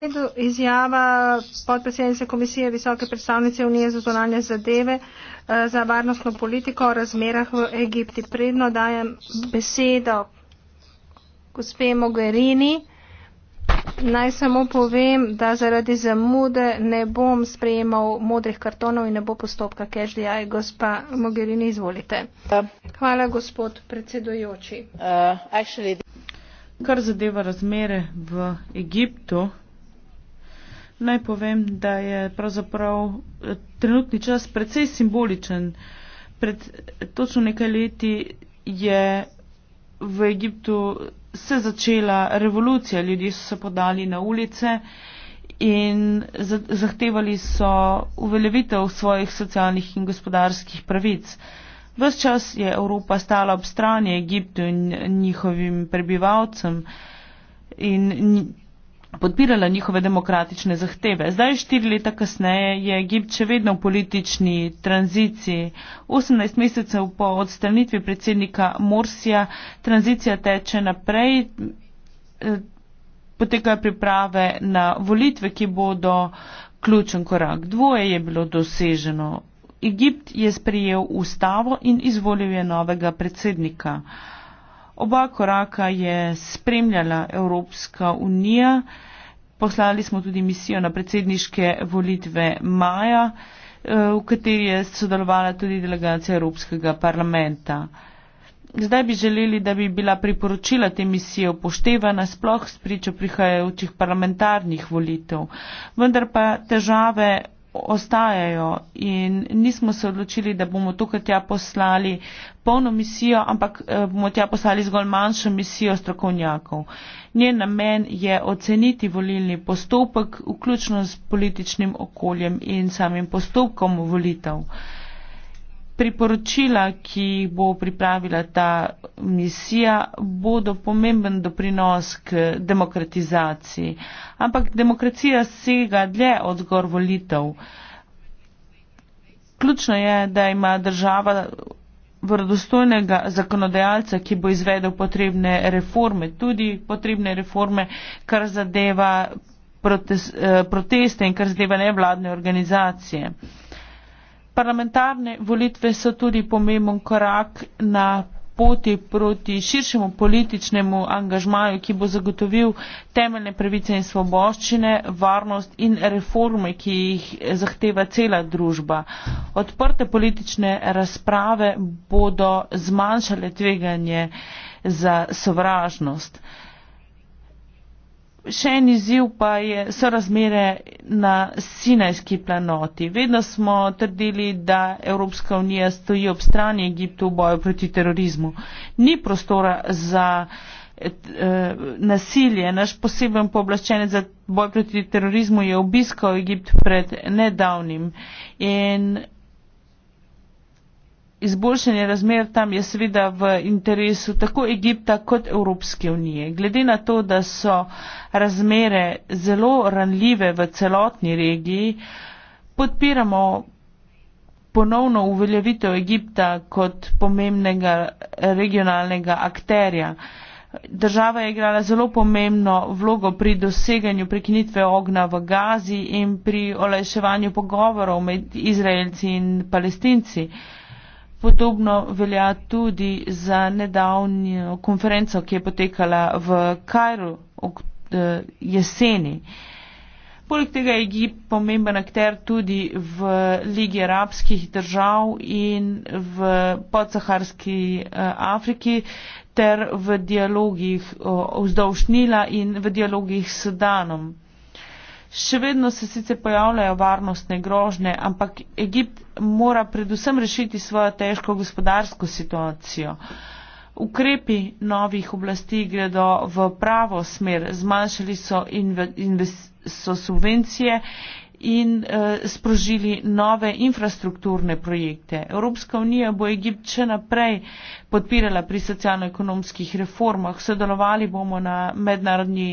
redu izjava podpredsednice komisije visoke predstavnice unije za zunanje zadeve eh, za varnostno politiko o razmerah v egipti predno dajem besedo gospe mogherini naj samo povem da zaradi zamude ne bom sprejemal modrih kartonov in ne bo postopka kešdi aj gospa mogherini izvolite hvala gospod predsedujoči uh, actually... kar zadeva razmere v egiptu Naj povem, da je pravzaprav eh, trenutni čas precej simboličen. Pred točno nekaj leti je v Egiptu se začela revolucija, ljudje so se podali na ulice in zahtevali so uveljavitev svojih socialnih in gospodarskih pravic. Ves čas je Evropa stala ob strani Egiptu in njihovim prebivalcem in podpirala njihove demokratične zahteve. Zdaj, štiri leta kasneje, je Egipt še vedno v politični tranziciji. 18 mesecev po odstranitvi predsednika Morsija tranzicija teče naprej. Eh, potekajo priprave na volitve, ki bodo ključen korak. Dvoje je bilo doseženo. Egipt je sprejel ustavo in izvolil je novega predsednika. Oba koraka je spremljala Evropska unija. Poslali smo tudi misijo na predsedniške volitve maja, eh, v kateri je sodelovala tudi delegacija Evropskega parlamenta. Zdaj bi želeli, da bi bila priporočila te misije upoštevana sploh spričo prihajajočih parlamentarnih volitev. Vendar pa težave ostajajo in nismo se odločili, da bomo tukaj tja poslali polno misijo, ampak eh, bomo tja poslali zgolj manjšo misijo strokovnjakov. Njen namen je oceniti volilni postopek, vključno s političnim okoljem in samim postopkom volitev priporočila, ki jih bo pripravila ta misija, bodo pomemben doprinos k demokratizaciji. Ampak demokracija sega dlje od zgor volitev. Ključno je, da ima država vrodostojnega zakonodajalca, ki bo izvedel potrebne reforme, tudi potrebne reforme, kar zadeva protes, eh, proteste in kar zadeva nevladne organizacije. Parlamentarne volitve so tudi pomemben korak na poti proti širšemu političnemu angažmaju, ki bo zagotovil temeljne pravice in svoboščine, varnost in reforme, ki jih zahteva cela družba. Odprte politične razprave bodo zmanjšale tveganje za sovražnost. Še en izziv pa je, so razmere na sinajski planoti. Vedno smo trdili, da Evropska unija stoji ob strani Egiptu v boju proti terorizmu. Ni prostora za eh, nasilje. Naš poseben pooblaščenec za boj proti terorizmu je obiskal Egipt pred nedavnim in izboljšanje razmer tam je seveda v interesu tako Egipta kot Evropske unije. Glede na to, da so razmere zelo ranljive v celotni regiji, podpiramo ponovno uveljavitev Egipta kot pomembnega regionalnega akterja. Država je igrala zelo pomembno vlogo pri doseganju prekinitve ogna v Gazi in pri olajševanju pogovorov med Izraelci in palestinci. Podobno velja tudi za nedavnjo konferenco, ki je potekala v Kajru eh, jeseni. Poleg tega je Egipt pomemben akter tudi v Ligi arabskih držav in v podsaharski eh, Afriki ter v dialogih eh, vzdolžnila in v dialogih s Danom. Še vedno se sicer pojavljajo varnostne grožne, ampak Egipt mora predvsem rešiti svojo težko gospodarsko situacijo. Ukrepi novih oblasti gredo v pravo smer, zmanjšali so, so subvencije in eh, sprožili nove infrastrukturne projekte. Evropska unija bo Egipt še naprej podpirala pri socialno-ekonomskih reformah, sodelovali bomo na mednarodni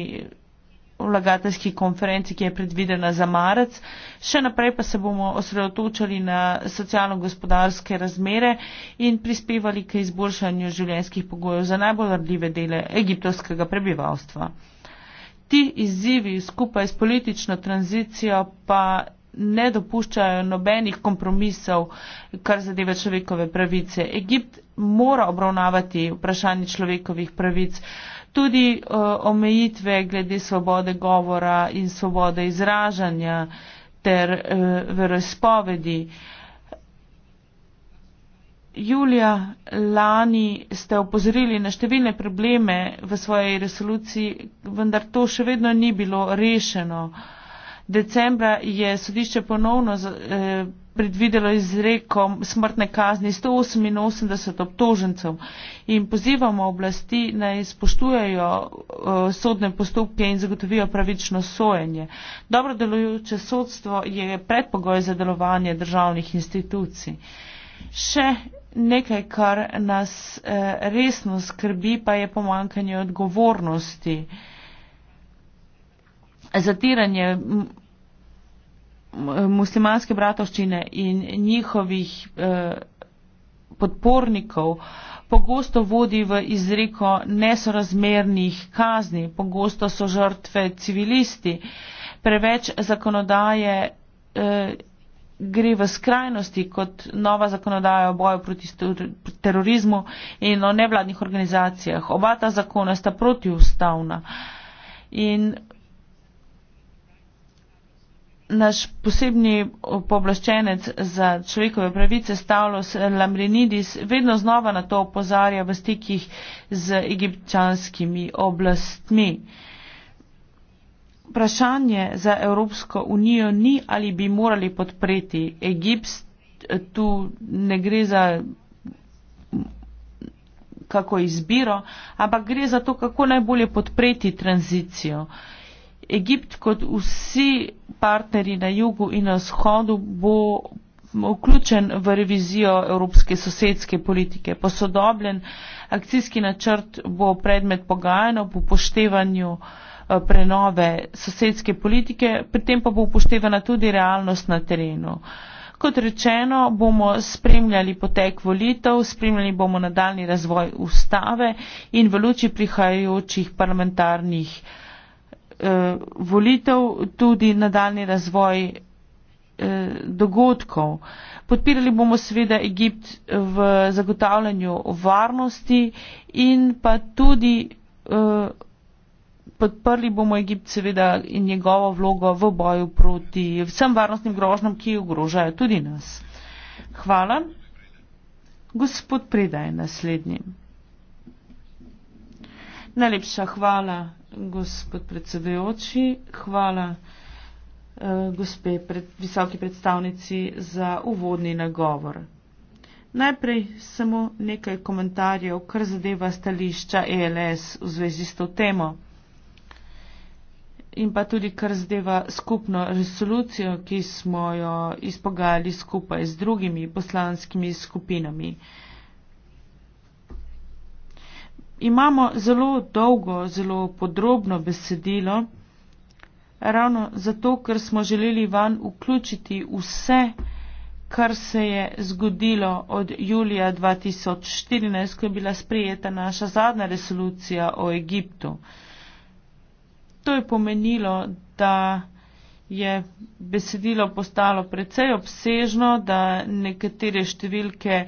vlagateljski konferenci, ki je predvidena za marec. Še naprej pa se bomo osredotočali na socialno-gospodarske razmere in prispevali k izboljšanju življenjskih pogojev za najbolj rdljive dele egiptovskega prebivalstva. Ti izzivi skupaj s politično tranzicijo pa ne dopuščajo nobenih kompromisov, kar zadeva človekove pravice. Egipt mora obravnavati vprašanje človekovih pravic tudi uh, omejitve glede svobode govora in svobode izražanja ter uh, e, verospovedi. Julija lani ste opozorili na številne probleme v svoji resoluciji, vendar to še vedno ni bilo rešeno. Decembra je sodišče ponovno. Uh, predvidelo izreko smrtne kazni 188 obtožencev in pozivamo oblasti naj spoštujejo uh, sodne postopke in zagotovijo pravično sojenje. Dobro delujoče sodstvo je predpogoj za delovanje državnih institucij. Še nekaj, kar nas uh, resno skrbi, pa je pomankanje odgovornosti. Zatiranje muslimanske bratovščine in njihovih eh, podpornikov pogosto vodi v izreko nesorazmernih kazni, pogosto so žrtve civilisti, preveč zakonodaje eh, gre v skrajnosti kot nova zakonodaja o boju proti terorizmu in o nevladnih organizacijah. Oba ta zakona sta protiustavna. In naš posebni pooblaščenec za človekove pravice Stavlos Lamrinidis vedno znova na to opozarja v stikih z egipčanskimi oblastmi. Vprašanje za Evropsko unijo ni, ali bi morali podpreti Egipt, tu ne gre za kako izbiro, ampak gre za to, kako najbolje podpreti tranzicijo. Uh, Egipt kot vsi partnerji na jugu in na vzhodu bo vključen v revizijo evropske sosedske politike. Posodobljen akcijski načrt bo predmet pogajanja po upoštevanju eh, prenove sosedske politike, pri tem pa bo upoštevana tudi realnost na terenu. Kot rečeno, bomo spremljali potek volitev, spremljali bomo nadaljni razvoj ustave in v luči prihajajočih parlamentarnih uh, eh, volitev tudi nadaljni razvoj eh, dogodkov. Podpirali bomo seveda Egipt v zagotavljanju varnosti in pa tudi eh, podprli bomo Egipt seveda in njegovo vlogo v boju proti vsem varnostnim grožnjam, ki ogrožajo tudi nas. Hvala. Gospod Predaj naslednjim. Najlepša hvala gospod predsedujoči. Hvala eh, gospe pred, visoki predstavnici za uvodni nagovor. Najprej samo nekaj komentarjev, kar zadeva stališča ELS v zvezi s to temo in pa tudi kar zadeva skupno resolucijo, ki smo jo izpogajali skupaj z drugimi poslanskimi skupinami. Eh, imamo zelo dolgo, zelo podrobno besedilo, ravno zato, ker smo želeli van vključiti vse, kar se je zgodilo od julija 2014, ko je bila sprejeta naša zadnja resolucija o Egiptu. To je pomenilo, da je besedilo postalo precej obsežno, da nekatere številke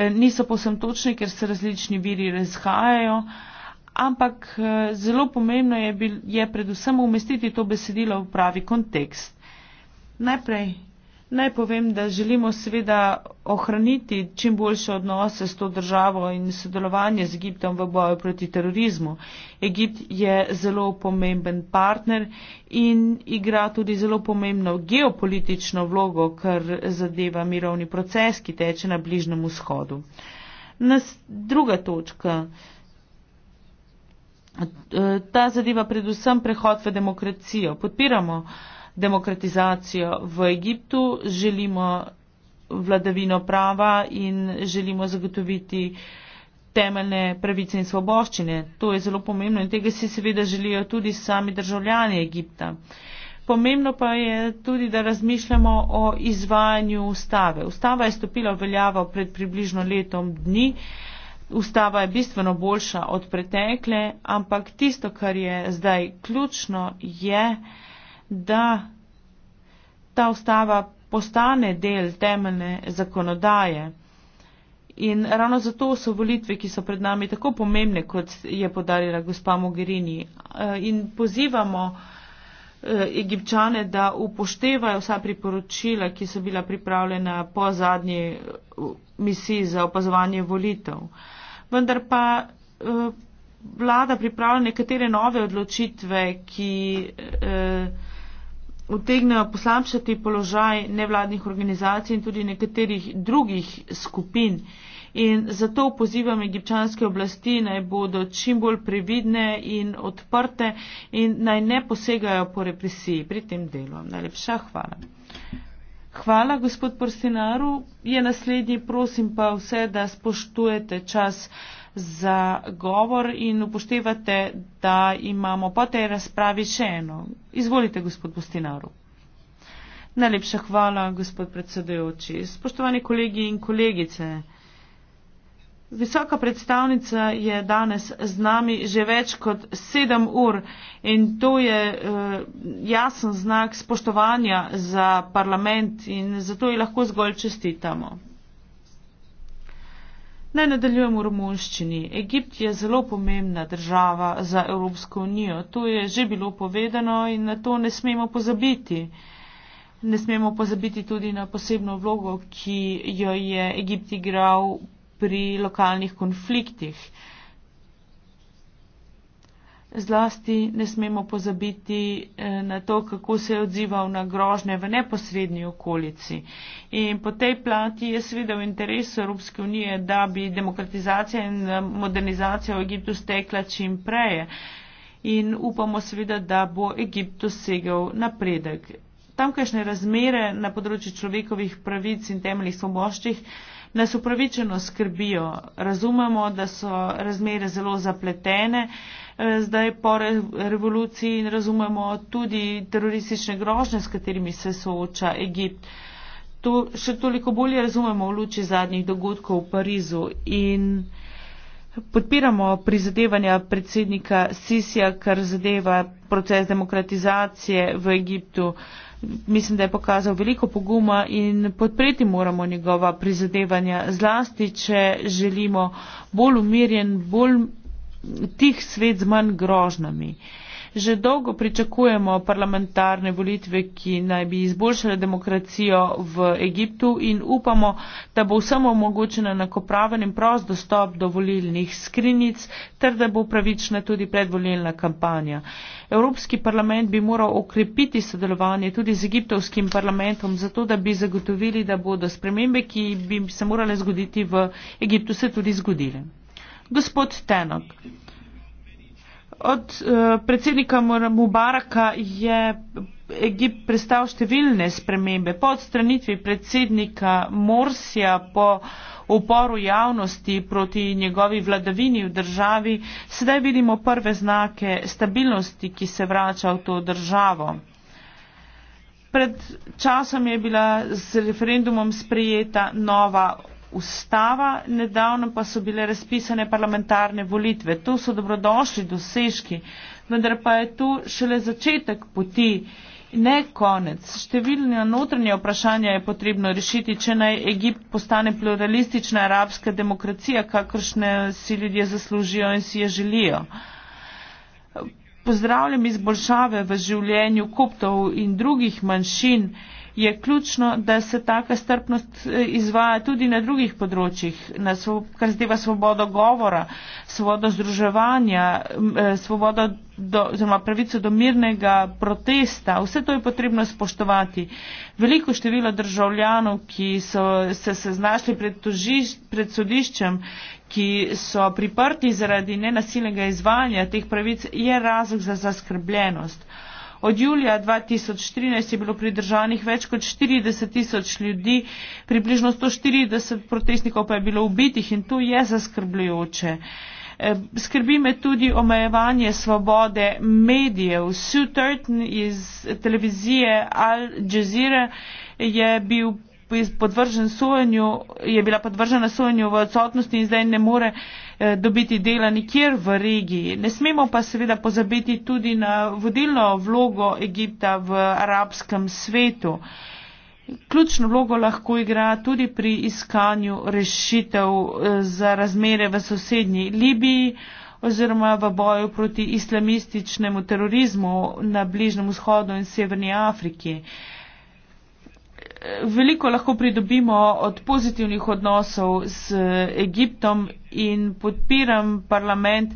Eh, niso povsem točni, ker se različni viri razhajajo, ampak eh, zelo pomembno je, bil, je predvsem umestiti to besedilo v pravi kontekst. Najprej Naj povem, da želimo seveda ohraniti čim boljše odnose s to državo in sodelovanje z Egiptom v boju proti terorizmu. Egipt je zelo pomemben partner in igra tudi zelo pomembno geopolitično vlogo, kar zadeva mirovni proces, ki teče na Bližnem vzhodu. Nas, druga točka. Ta zadeva predvsem prehod v demokracijo. Podpiramo demokratizacijo v Egiptu, želimo vladavino prava in želimo zagotoviti temeljne pravice in svoboščine. To je zelo pomembno in tega si seveda želijo tudi sami državljani Egipta. Pomembno pa je tudi, da razmišljamo o izvajanju ustave. Ustava je stopila v veljavo pred približno letom dni. Ustava je bistveno boljša od pretekle, ampak tisto, kar je zdaj ključno, je, da da ta ustava postane del temeljne zakonodaje. In ravno zato so volitve, ki so pred nami, tako pomembne, kot je podarila gospa Mogherini. Eh, in pozivamo eh, egipčane, da upoštevajo vsa priporočila, ki so bila pripravljena po zadnji eh, misiji za opazovanje volitev. Vendar pa vlada pripravlja nekatere nove odločitve, ki utegnejo poslabšati položaj nevladnih organizacij in tudi nekaterih drugih skupin. In zato pozivam egipčanske oblasti naj bodo čim bolj previdne in odprte in naj ne posegajo po represiji pri tem delu. Najlepša hvala. Hvala, gospod Porstinaru. Je naslednji, prosim pa vse, da spoštujete čas za govor in upoštevate, da imamo po tej razpravi še eno. Izvolite, gospod Bustinaru. Najlepša hvala, gospod predsedujoči. Spoštovani kolegi in kolegice, visoka predstavnica je danes z nami že več kot sedem ur in to je uh, jasen znak spoštovanja za parlament in zato ji lahko zgolj čestitamo. Naj nadaljujem v romunščini. Egipt je zelo pomembna država za Evropsko unijo. To je že bilo povedano in na to ne smemo pozabiti. Ne smemo pozabiti tudi na posebno vlogo, ki jo je Egipt igral pri lokalnih konfliktih. Zlasti ne smemo pozabiti eh, na to, kako se je odzival na grožne v neposrednji okolici. In po tej plati je seveda v interesu Evropske unije, da bi demokratizacija in eh, modernizacija v Egiptu stekla čim preje. In upamo seveda, da bo Egipt dosegel napredek. Tamkajšnje razmere na področju človekovih pravic in temeljih svoboščih nas upravičeno skrbijo. Razumemo, da so razmere zelo zapletene eh, zdaj po revoluciji in razumemo tudi teroristične grožnje, s katerimi se sooča Egipt. To še toliko bolje razumemo v luči zadnjih dogodkov v Parizu in podpiramo prizadevanja predsednika Sisija, kar zadeva proces demokratizacije v Egiptu mislim, da je pokazal veliko poguma in podpreti moramo njegova prizadevanja zlasti, če želimo bolj umirjen, bolj tih svet z manj grožnami. Uh, Že dolgo pričakujemo parlamentarne volitve, ki naj bi izboljšale demokracijo v Egiptu in upamo, da bo vsem omogočena enakopraven in prost dostop do volilnih skrinic ter da bo pravična tudi predvolilna kampanja. Evropski parlament bi moral okrepiti sodelovanje tudi z egiptovskim parlamentom, zato da bi zagotovili, da bodo spremembe, ki bi se morale zgoditi v Egiptu, se tudi zgodile. Gospod Tenok. Od uh, predsednika Mubaraka je Egipt prestal številne spremembe. Po odstranitvi predsednika Morsija, po uporu javnosti proti njegovi vladavini v državi, sedaj vidimo prve znake stabilnosti, ki se vrača v to državo. Pred časom je bila z referendumom sprejeta nova ustava, nedavno pa so bile razpisane parlamentarne volitve. To so dobrodošli dosežki, vendar pa je to šele začetek poti, ne konec. Številne notranje vprašanja je potrebno rešiti, če naj Egipt postane pluralistična arabska demokracija, kakršne si ljudje zaslužijo in si je želijo. Pozdravljam izboljšave v življenju koptov in drugih manjšin je ključno, da se taka strpnost eh, izvaja tudi na drugih področjih, na svo, kar zdeva svobodo govora, svobodo združevanja, eh, svobodo do, oziroma pravico do mirnega protesta. Vse to je potrebno spoštovati. Veliko število državljanov, ki so se, se znašli pred, tožiš, pred sodiščem, ki so priprti zaradi nenasilnega izvajanja teh pravic, je razlog za zaskrbljenost. Uh, Od julija 2013 je bilo pridržanih več kot 40 tisoč ljudi, približno 140 protestnikov pa je bilo ubitih in to je zaskrbljujoče. Eh, skrbi me tudi omejevanje svobode medijev. Sue Turton iz televizije Al Jazeera je bil podvržen sojenju, je bila podvržena sojenju v odsotnosti in zdaj ne more eh, dobiti dela nikjer v regiji. Ne smemo pa seveda pozabiti tudi na vodilno vlogo Egipta v arabskem svetu. Ključno vlogo lahko igra tudi pri iskanju rešitev eh, za razmere v sosednji Libiji oziroma v boju proti islamističnemu terorizmu na Bližnem vzhodu in Severni Afriki veliko lahko pridobimo od pozitivnih odnosov z Egiptom in podpiram parlament,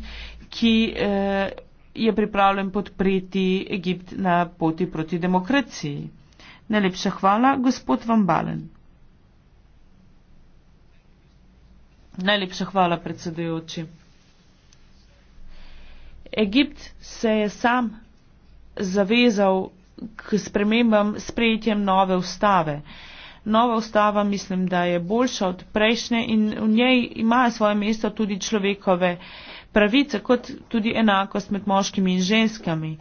ki eh, je pripravljen podpreti Egipt na poti proti demokraciji. Najlepša hvala, gospod Van Balen. Najlepša hvala, predsedujoči. Egipt se je sam zavezal k spremembam sprejetjem nove ustave. Nova ustava mislim, da je boljša od prejšnje in v njej imajo svoje mesto tudi človekove pravice, kot tudi enakost med moškimi in ženskami.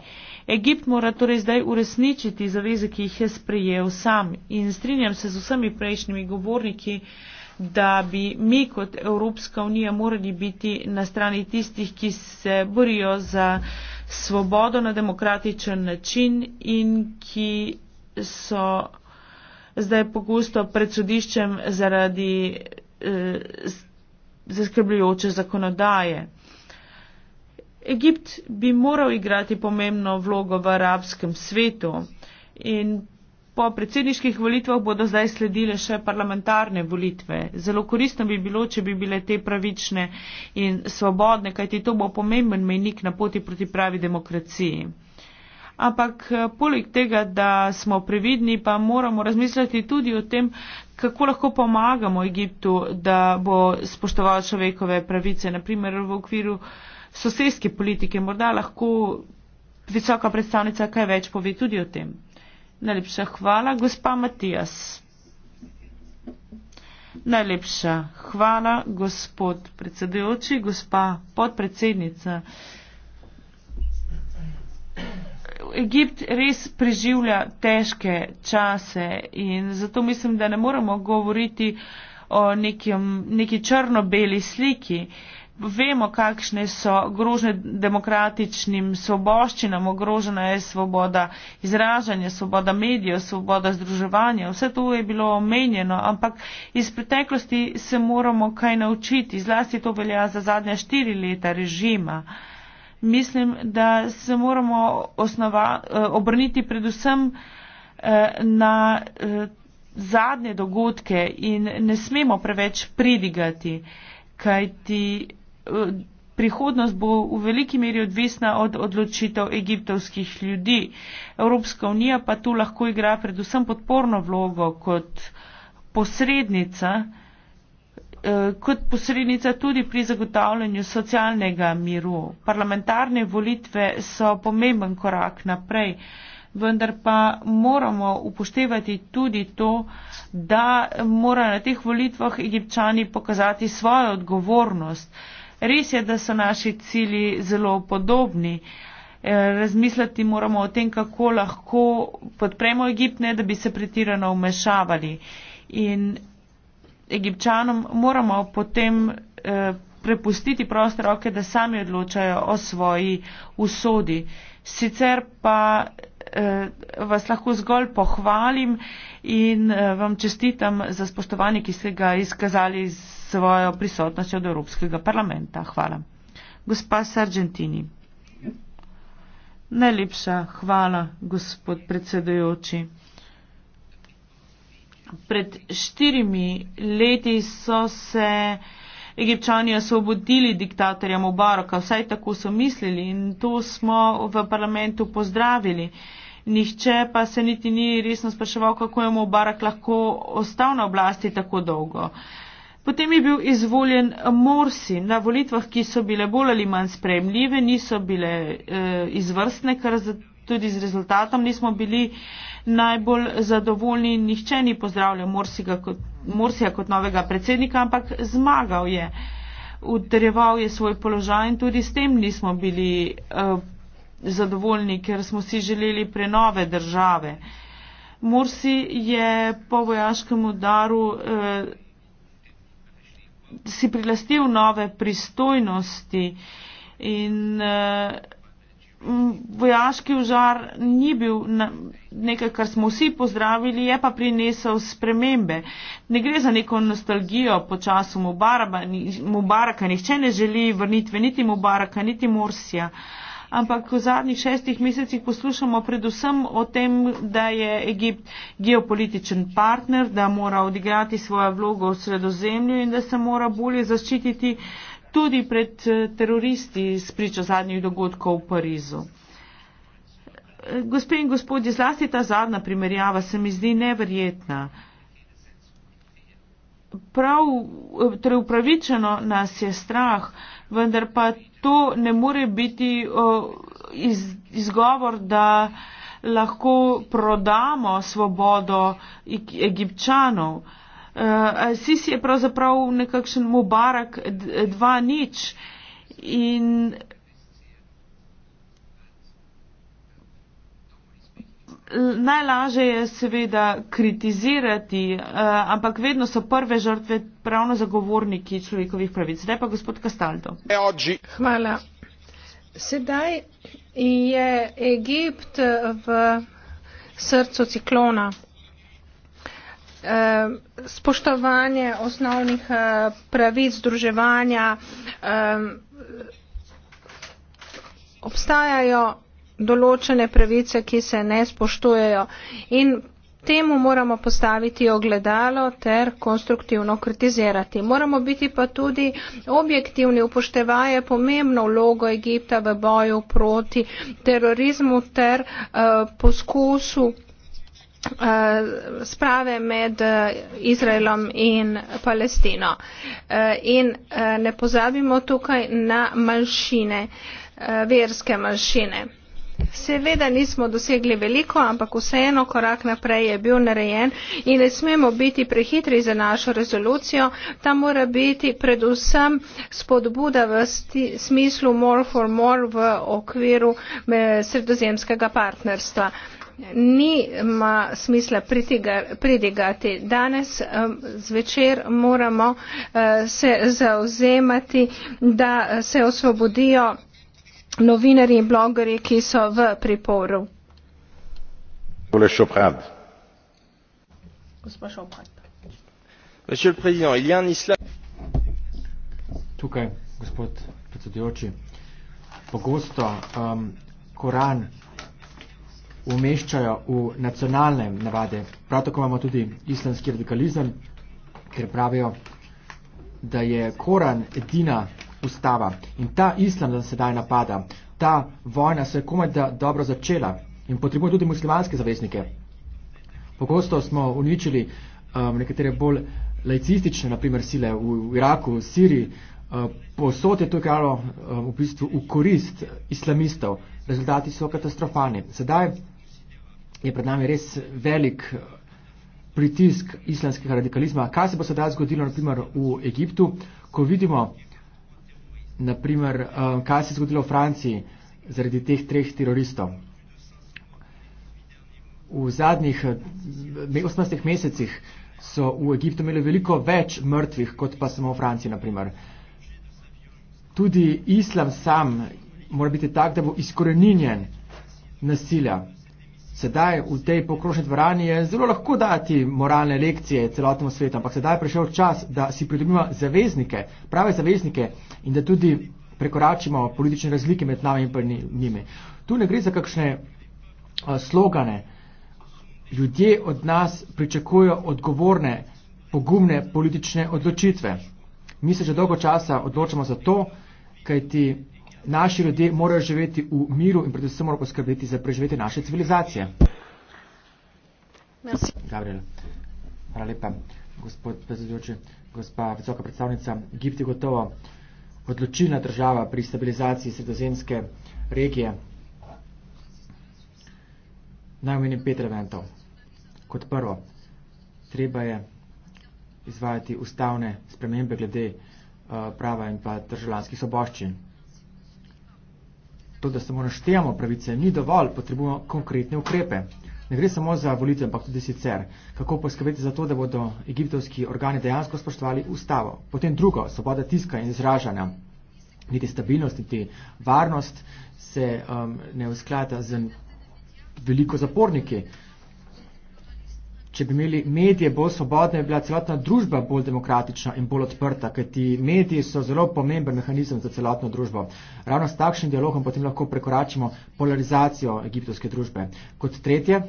Egipt mora torej zdaj uresničiti zaveze, ki jih je sprejel sam in strinjam se z vsemi prejšnjimi govorniki, da bi mi kot Evropska unija morali biti na strani tistih, ki se borijo za svobodo na demokratičen način in ki so zdaj pogosto pred sodiščem zaradi eh, zaskrbljujoče zakonodaje. Egipt bi moral igrati pomembno vlogo v arabskem svetu in Po predsedniških volitvah bodo zdaj sledile še parlamentarne volitve. Zelo koristno bi bilo, če bi bile te pravične in svobodne, kajti to bo pomemben mejnik na poti proti pravi demokraciji. Ampak eh, poleg tega, da smo previdni, pa moramo razmisliti tudi o tem, kako lahko pomagamo Egiptu, da bo spoštoval človekove pravice, naprimer v okviru sosedske politike. Morda lahko visoka predstavnica kaj več pove tudi o tem. Najlepša hvala, gospa Matijas. Najlepša hvala, gospod predsedujoči, gospa podpredsednica. Egipt res preživlja težke čase in zato mislim, da ne moramo govoriti o nekem, neki črno-beli sliki. Uh, Vemo, kakšne so grožne demokratičnim svoboščinam, ogrožena je svoboda izražanja, svoboda medijev, svoboda združevanja. Vse to je bilo omenjeno, ampak iz preteklosti se moramo kaj naučiti. Zlasti to velja za zadnja štiri leta režima. Mislim, da se moramo osnova, eh, obrniti predvsem eh, na eh, zadnje dogodke in ne smemo preveč pridigati, kajti prihodnost bo v veliki meri odvisna od odločitev egiptovskih ljudi. Evropska unija pa tu lahko igra predvsem podporno vlogo kot posrednica, eh, kot posrednica tudi pri zagotavljanju socialnega miru. Parlamentarne volitve so pomemben korak naprej, vendar pa moramo upoštevati tudi to, da mora na teh volitvah egipčani pokazati svojo odgovornost. Res je, da so naši cilji zelo podobni. Eh, razmisliti moramo o tem, kako lahko podpremo Egipt, ne da bi se pretirano vmešavali. In egipčanom moramo potem eh, prepustiti proste roke, da sami odločajo o svoji usodi. Sicer pa eh, vas lahko zgolj pohvalim in eh, vam čestitam za spoštovanje, ki ste ga izkazali z svojo prisotnost od Evropskega parlamenta. Hvala. Gospa Sargentini. Najlepša hvala, gospod predsedujoči. Pred štirimi leti so se Egipčani osvobodili diktatorja Mubaraka, vsaj tako so mislili in to smo v parlamentu pozdravili. Nihče pa se niti ni resno spraševal, kako je Mubarak lahko ostal na oblasti tako dolgo. Uh, Potem je bil izvoljen Morsi na volitvah, ki so bile bolj ali manj spremljive, niso bile eh, izvrstne, kar z, tudi z rezultatom nismo bili najbolj zadovoljni. Nihče ni pozdravljal kot, Morsija kot novega predsednika, ampak zmagal je. Utrjeval je svoj položaj in tudi s tem nismo bili eh, zadovoljni, ker smo si želeli prenove države. Morsi je po vojaškem udaru. Eh, si prilastil nove pristojnosti in uh, vojaški užar ni bil na, nekaj, kar smo vsi pozdravili, je pa prinesel spremembe. Ne gre za neko nostalgijo po času Mubaraka, nihče ne želi vrnitve niti Mubaraka, niti Morsija. Uh, ampak v zadnjih šestih mesecih poslušamo predvsem o tem, da je Egipt geopolitičen partner, da mora odigrati svojo vlogo v sredozemlju in da se mora bolje zaščititi tudi pred eh, teroristi s pričo zadnjih dogodkov v Parizu. Eh, gospe in gospodje, zlasti ta zadnja primerjava se mi zdi neverjetna. Prav, eh, torej upravičeno nas je strah, vendar pa to ne more biti uh, iz, izgovor, da lahko prodamo svobodo egipčanov. Uh, Sisi je pravzaprav nekakšen Mubarak 2.0 in Najlažje je seveda kritizirati, uh, ampak vedno so prve žrtve pravno zagovorniki človekovih pravic. Zdaj pa gospod Kastaldo. E, Hvala. Sedaj je Egipt v srcu ciklona. Uh, spoštovanje osnovnih uh, pravic združevanja. Uh, obstajajo določene pravice, ki se ne spoštujejo. In temu moramo postaviti ogledalo ter konstruktivno kritizirati. Moramo biti pa tudi objektivni, upoštevaje pomembno vlogo Egipta v boju proti terorizmu ter uh, poskusu eh, sprave med eh, Izraelom in Palestino. In ne pozabimo tukaj na manjšine, verske manjšine. Seveda nismo dosegli veliko, ampak vseeno korak naprej je bil narejen in ne smemo biti prehitri za našo rezolucijo. Ta mora biti predvsem spodbuda v sti, smislu more for more v okviru eh, sredozemskega partnerstva. Nima smisla pridigati. Danes eh, zvečer moramo eh, se zauzemati, da se osvobodijo novinarji in blogerji, ki so v priporu. Gospod Šopad. Tukaj, gospod predsedujoči, pogosto um, Koran umeščajo v nacionalne navade. Prav tako imamo tudi islamski radikalizem, ker pravijo, da je Koran edina ustava. In ta islam, da se daj napada, ta vojna se je komaj da dobro začela in potrebuje tudi muslimanske zaveznike. Pogosto smo uničili um, nekatere bolj laicistične, naprimer, sile v Iraku, v Siriji, uh, posod je to kralo uh, um, v bistvu v korist islamistov. Rezultati so katastrofani. Sedaj je pred nami res velik uh, pritisk islamskega radikalizma. Kaj se bo sedaj zgodilo, naprimer, v Egiptu, ko vidimo, naprimer, um, eh, kaj se je zgodilo v Franciji zaradi teh treh teroristov. V zadnjih 18 eh, mesecih so v Egiptu imeli veliko več mrtvih, kot pa samo v Franciji, naprimer. Tudi islam sam mora biti tak, da bo izkoreninjen nasilja sedaj v tej pokrošni dvorani je zelo lahko dati moralne lekcije celotnemu svetu, ampak sedaj je prišel čas, da si pridobimo zaveznike, prave zaveznike in da tudi prekoračimo politične razlike med nami in pa njimi. Tu ne gre za kakšne slogane. Ljudje od nas pričakujejo odgovorne, pogumne politične odločitve. Mi se že dolgo časa odločamo za to, kajti naši ljudje morajo živeti v miru in predvsem morajo poskrbeti za preživetje naše civilizacije. Merci. Gabriel, hvala lepa, gospod predsedujoči, gospa visoka predstavnica. Egipt je gotovo odločilna država pri stabilizaciji sredozemske regije. Naj omenim pet elementov. Kot prvo, treba je izvajati ustavne spremembe glede uh, prava in pa državljanskih soboščin. To, da samo naštejamo pravice, ni dovolj, potrebujemo konkretne ukrepe. Ne gre samo za volitve, ampak tudi sicer. Kako poskrbeti za to, da bodo egiptovski organi dejansko spoštovali ustavo. Potem drugo, svoboda tiska in izražanja, niti stabilnost, niti varnost se um, ne usklada z veliko zaporniki. Uh, če bi imeli medije bolj svobodne, bi bila celotna družba bolj demokratična in bolj odprta, kajti mediji so zelo pomemben mehanizem za celotno družbo. Ravno s takšnim dialogom potem lahko prekoračimo polarizacijo egiptovske družbe. Kot tretje,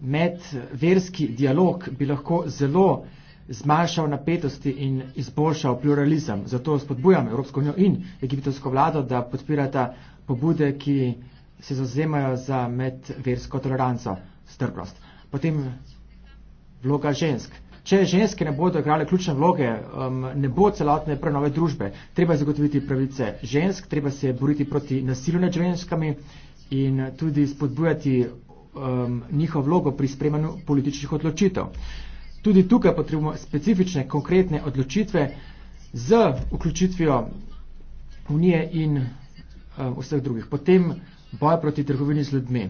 medverski dialog bi lahko zelo zmanjšal napetosti in izboljšal pluralizem. Zato spodbujam Evropsko unijo in egiptovsko vlado, da podpirata pobude, ki se zazemajo za medversko toleranco, strpnost potem vloga žensk. Če ženske ne bodo igrale ključne vloge, um, ne bo celotne prenove družbe. Treba zagotoviti pravice žensk, treba se boriti proti nasilju nad ženskami in tudi spodbujati um, njihovo vlogo pri spremanju političnih odločitev. Tudi tukaj potrebujemo specifične, konkretne odločitve z vključitvijo Unije in um, vseh drugih. Potem boj proti trgovini z ljudmi.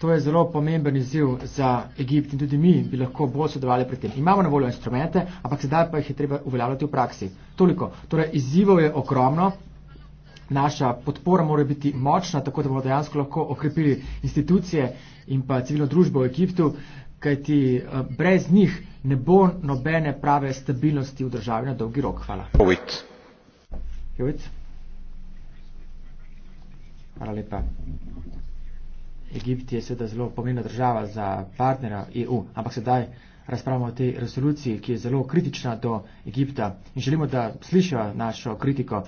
To je zelo pomemben izziv za Egipt in tudi mi bi lahko bolj sodelovali pri tem. Imamo na voljo instrumente, ampak sedaj pa jih je treba uveljavljati v praksi. Toliko. Torej, izzivov je ogromno. Naša podpora mora biti močna, tako da bomo dejansko lahko okrepili institucije in pa civilno družbo v Egiptu, kajti eh, brez njih ne bo nobene prave stabilnosti v državi na dolgi rok. Hvala. Jovit. Jovit. Hvala lepa. Egipt je seveda zelo pomembna država za partnera EU, ampak sedaj razpravljamo o tej resoluciji, ki je zelo kritična do Egipta in želimo, da slišijo našo kritiko.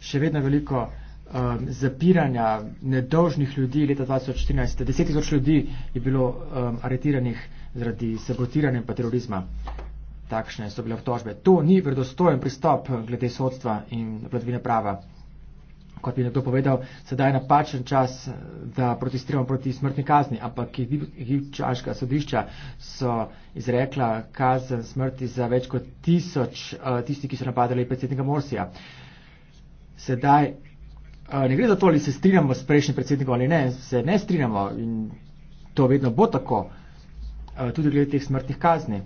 Še vedno veliko um, zapiranja nedožnih ljudi leta 2014, deset tisoč ljudi je bilo um, aretiranih zaradi sabotiranja in terorizma. Takšne so bile obtožbe. To ni vredostojen pristop glede sodstva in vladavine prava kot bi nekdo povedal, sedaj napačen čas, da protestiramo proti smrtni kazni, ampak egipčaška sodišča so izrekla kazen smrti za več kot tisoč uh, tisti, ki so napadali predsednika Morsija. Sedaj uh, ne gre za to, ali se strinjamo s prejšnjim predsednikom ali ne, se ne strinjamo in to vedno bo tako, uh, tudi glede teh smrtnih kazni.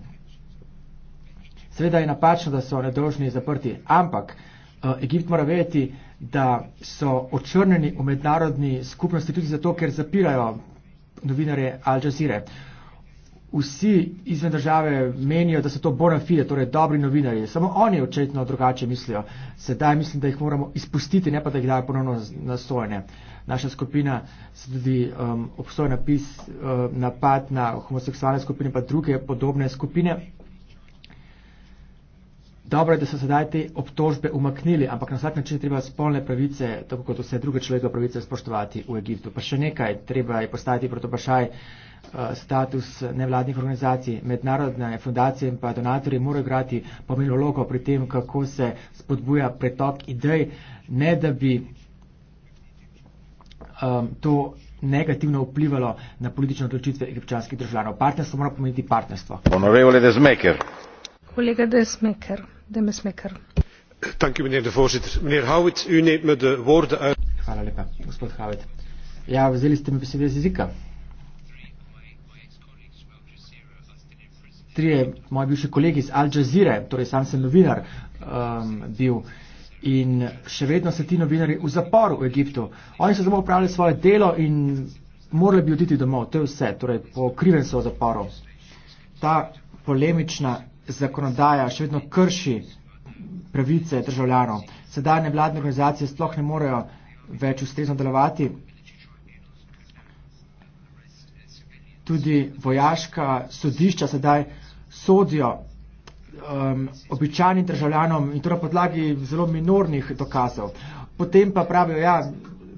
Seveda je napačno, da so nedolžni zaprti, ampak uh, Egipt mora vedeti, da so očrnjeni v mednarodni skupnosti tudi zato, ker zapirajo novinare Al Jazeera. Vsi izven države menijo, da so to bona fide, torej dobri novinari. Samo oni očetno drugače mislijo. Sedaj mislim, da jih moramo izpustiti, ne pa da jih dajo ponovno na sojenje. Naša skupina se tudi um, obsoja napis, uh, napad na homoseksualne skupine, pa druge podobne skupine. Dobro je, da so sedaj te obtožbe umaknili, ampak na vsak način treba spolne pravice, tako kot vse druge človekove pravice, spoštovati v Egiptu. Pa še nekaj, treba je postaviti protopašaj eh, status nevladnih organizacij, mednarodne fundacije in pa donatorji morajo igrati pomembno vlogo pri tem, kako se spodbuja pretok idej, ne da bi um, to negativno vplivalo na politične odločitve egipčanskih državljanov. Partnerstvo mora pomeniti partnerstvo. Kolega Desmeker meneer howitt u neemt me de woorden uit ja vzeli ste mi besede z jezika trije moji bivši kolegi iz Al Jazeera torej sam sem novinar um, bil in še vedno so ti novinari v zaporu v Egiptu oni so samo opravljali svoje delo in morali bi oditi domov to je vse, torej pokriven so v zaporu ta polemična zakonodaja še vedno krši pravice državljanov. Sedajne vladne organizacije sploh ne morejo več ustrezno delovati. Tudi vojaška sodišča sedaj sodijo um, običajnim državljanom in to na podlagi zelo minornih dokazov. Potem pa pravijo, ja,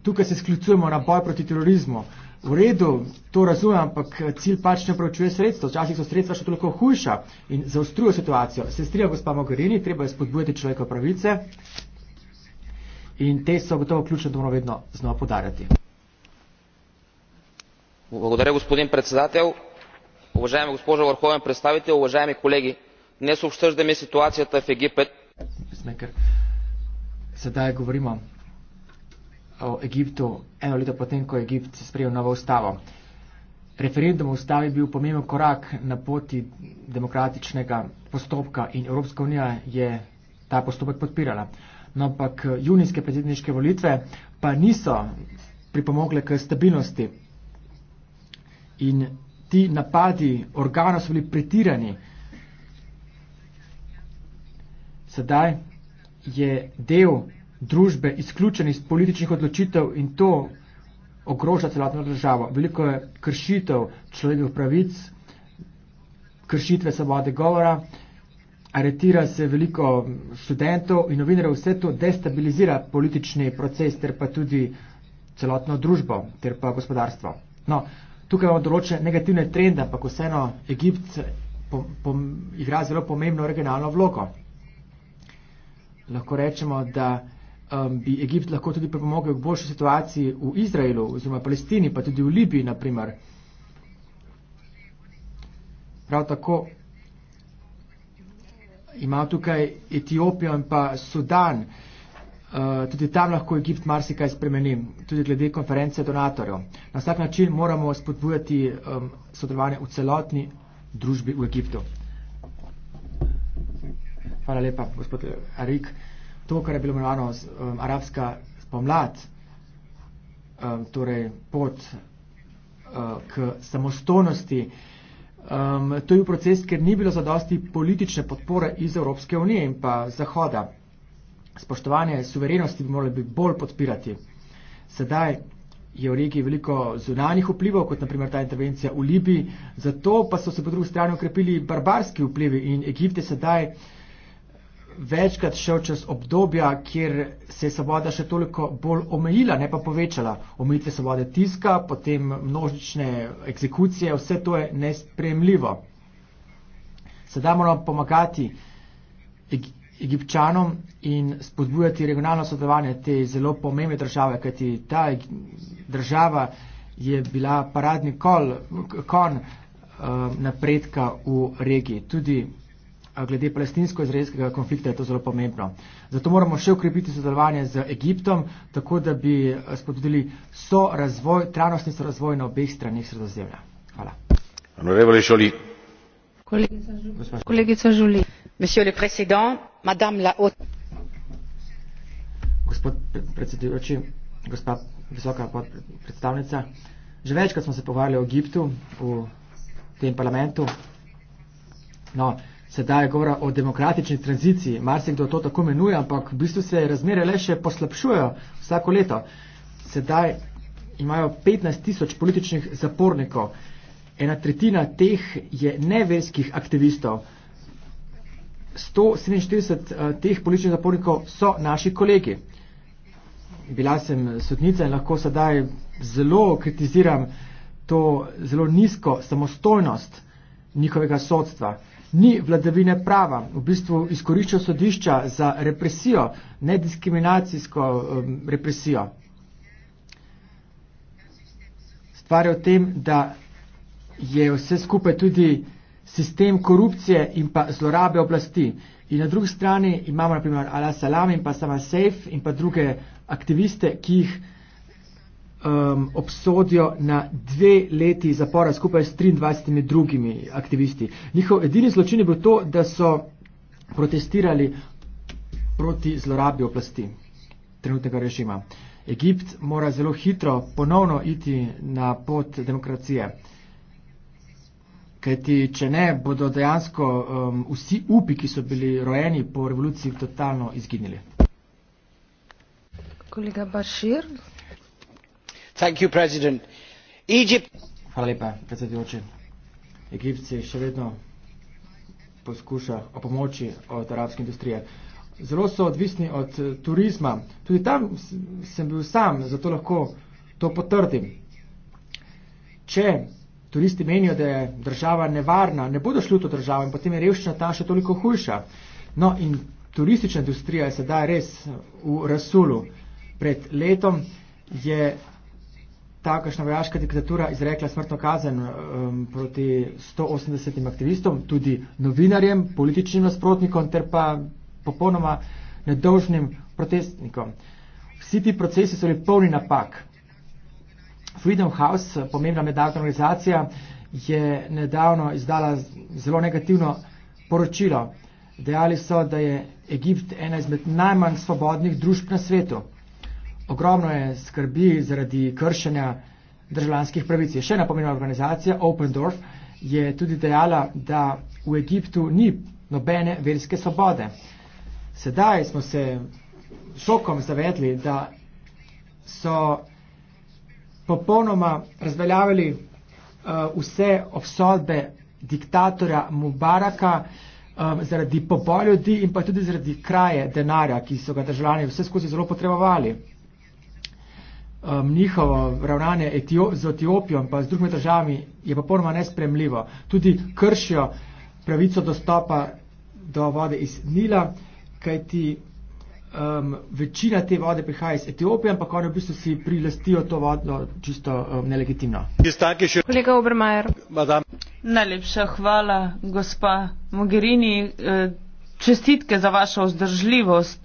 tukaj se sklicujemo na boj proti terorizmu. Uh, V redu, to razumem, ampak eh, cilj pač ne pročuje sredstva. Včasih so sredstva še toliko hujša in zaostruje situacijo. Se strija gospa Mogherini, treba je spodbujati človeka pravice in te so gotovo ključne, da moramo vedno znova podarjati. Благодаря, господин председател. Уважаеми госпожа Върховен представител, уважаеми колеги, днес обсъждаме ситуацията в Египет. Сега говорим o Egiptu eno leto potem, ko je Egipt sprejel novo ustavo. Referendum o ustavi je bil pomemben korak na poti demokratičnega postopka in Evropska unija je ta postopek podpirala. No, ampak eh, junijske predsedniške volitve pa niso pripomogle k stabilnosti. In ti napadi organov so bili pretirani. Sedaj je del družbe izključeni iz političnih odločitev in to ogroža celotno državo. Veliko je kršitev človekovih pravic, kršitve svobode govora, aretira se veliko študentov in novinarjev, vse to destabilizira politični proces ter pa tudi celotno družbo ter pa gospodarstvo. No, tukaj imamo določene negativne trende, ampak vseeno Egipt po, po, igra zelo pomembno regionalno vlogo. Lahko rečemo, da um, bi Egipt lahko tudi pripomogel k boljši situaciji v Izraelu oziroma Palestini, pa tudi v Libiji, naprimer. Prav tako ima tukaj Etiopijo in pa Sudan. Uh, tudi tam lahko Egipt marsikaj spremeni, tudi glede konference donatorjev. Na vsak način moramo spodbujati um, sodelovanje v celotni družbi v Egiptu. Hvala lepa, gospod Arik to, kar je bilo imenovano um, arabska pomlad, um, torej pot uh, k samostojnosti. Um, to je bil proces, ker ni bilo zadosti politične podpore iz Evropske unije in pa Zahoda. Spoštovanje suverenosti bi morali biti bolj podpirati. Sedaj je v regiji veliko zunanih vplivov, kot naprimer ta intervencija v Libiji, zato pa so se po drugi strani ukrepili barbarski vplivi in Egipte sedaj uh, večkrat šel čez obdobja, kjer se je svoboda še toliko bolj omejila, ne pa povečala. Omejitve svobode tiska, potem množične egzekucije, vse to je nespremljivo. Sedaj moramo pomagati egipčanom in spodbujati regionalno sodelovanje te zelo pomembne države, kajti ta država je bila paradni kol, kon eh, napredka v regiji. Tudi glede palestinsko-izraelskega konflikta je to zelo pomembno. Zato moramo še ukrepiti sodelovanje z Egiptom, tako da bi eh, spodbudili so razvoj, trajnostni so razvoj na obeh stranih sredozemlja. Hvala. Kolegica Žuli. Gospod predsedujoči, gospa visoka predstavnica, že večkrat smo se pogovarjali o Egiptu v tem parlamentu. No, sedaj je govora o demokratični tranziciji. Marsikdo to tako imenuje, ampak v bistvu se razmere le še poslabšujejo vsako leto. Sedaj imajo 15 tisoč političnih zapornikov. Ena tretjina teh je neverskih aktivistov. 147 eh, teh političnih zapornikov so naši kolegi. Bila sem sodnica in lahko sedaj zelo kritiziram to zelo nizko samostojnost njihovega sodstva ni vladavine prava. V bistvu izkorišča sodišča za represijo, nediskriminacijsko um, represijo. Stvar je v tem, da je vse skupaj tudi sistem korupcije in pa zlorabe oblasti. In na drugi strani imamo naprimer Ala Salam in pa Sama Sejf in pa druge aktiviste, ki jih um, obsodijo na dve leti zapora skupaj s 23 drugimi aktivisti. Njihov edini zločin je bil to, da so protestirali proti zlorabi oblasti trenutnega režima. Egipt mora zelo hitro ponovno iti na pot demokracije. Kajti, če ne, bodo dejansko um, vsi upi, ki so bili rojeni po revoluciji, totalno izginili. Kolega Bašir, egipt si še vedno poskuša o pomoči od arabske industrije. Zelo so odvisni od eh, turizma. Tudi tam sem bil sam, zato lahko to potrdim. Če turisti menijo, da je država nevarna, ne bodo šli v to državo in potem je revščina tam še toliko hujša. No in turistična industrija je sedaj res eh, v rasulu. Pred letom je takošna vojaška diktatura izrekla smrtno kazen um, proti 180 aktivistom, tudi novinarjem, političnim nasprotnikom ter pa popolnoma nedolžnim protestnikom. Vsi ti procesi so bili polni napak. Freedom House, pomembna mednarodna organizacija, je nedavno izdala zelo negativno poročilo. Dejali so, da je Egipt ena izmed najmanj svobodnih družb na svetu ogromno je skrbi zaradi kršenja državljanskih pravic. Še ena pomembna organizacija, Opendorf, je tudi dejala, da v Egiptu ni nobene verske svobode. Sedaj smo se šokom zavedli, da so popolnoma razveljavili uh, vse obsodbe diktatorja Mubaraka um, zaradi poboja ljudi in pa tudi zaradi kraje denarja, ki so ga državljani vse skozi zelo potrebovali um, njihovo ravnanje Etio z Etiopijo in pa z drugimi državami je popolnoma nespremljivo. Tudi kršijo pravico dostopa do vode iz Nila, kajti um, večina te vode prihaja iz Etiopije, ampak oni v bistvu si prilastijo to vodo čisto um, nelegitimno. Kolega Obermajer. Najlepša hvala, gospa Mogherini. E, čestitke za vašo vzdržljivost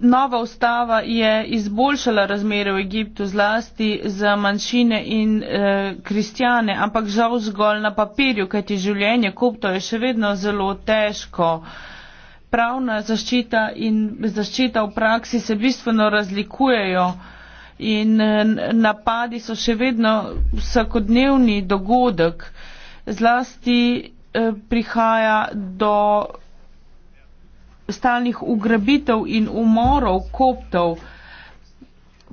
nova ustava je izboljšala razmere v Egiptu zlasti za manjšine in e, kristjane, ampak žal zgolj na papirju, kajti življenje kopto je še vedno zelo težko. Pravna zaščita in zaščita v praksi se bistveno razlikujejo in e, napadi so še vedno vsakodnevni dogodek. Zlasti e, prihaja do stalnih ugrabitev in umorov koptov.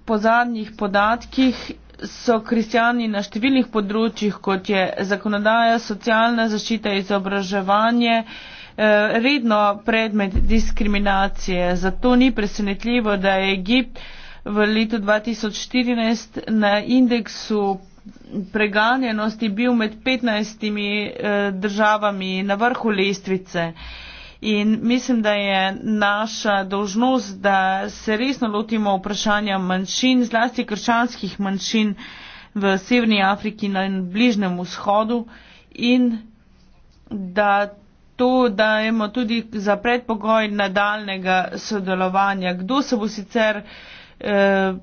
Po zadnjih podatkih so kristjani na številnih področjih, kot je zakonodaja, socialna zaščita, izobraževanje, eh, redno predmet diskriminacije. Zato ni presenetljivo, da je Egipt v letu 2014 na indeksu preganjenosti bil med 15 eh, državami na vrhu lestvice. In mislim, da je naša dožnost, da se resno lotimo vprašanja manjšin, zlasti krščanskih manjšin v Severni Afriki in na Bližnem vzhodu in da to dajemo tudi za predpogoj nadaljnega sodelovanja. Kdo se bo sicer eh,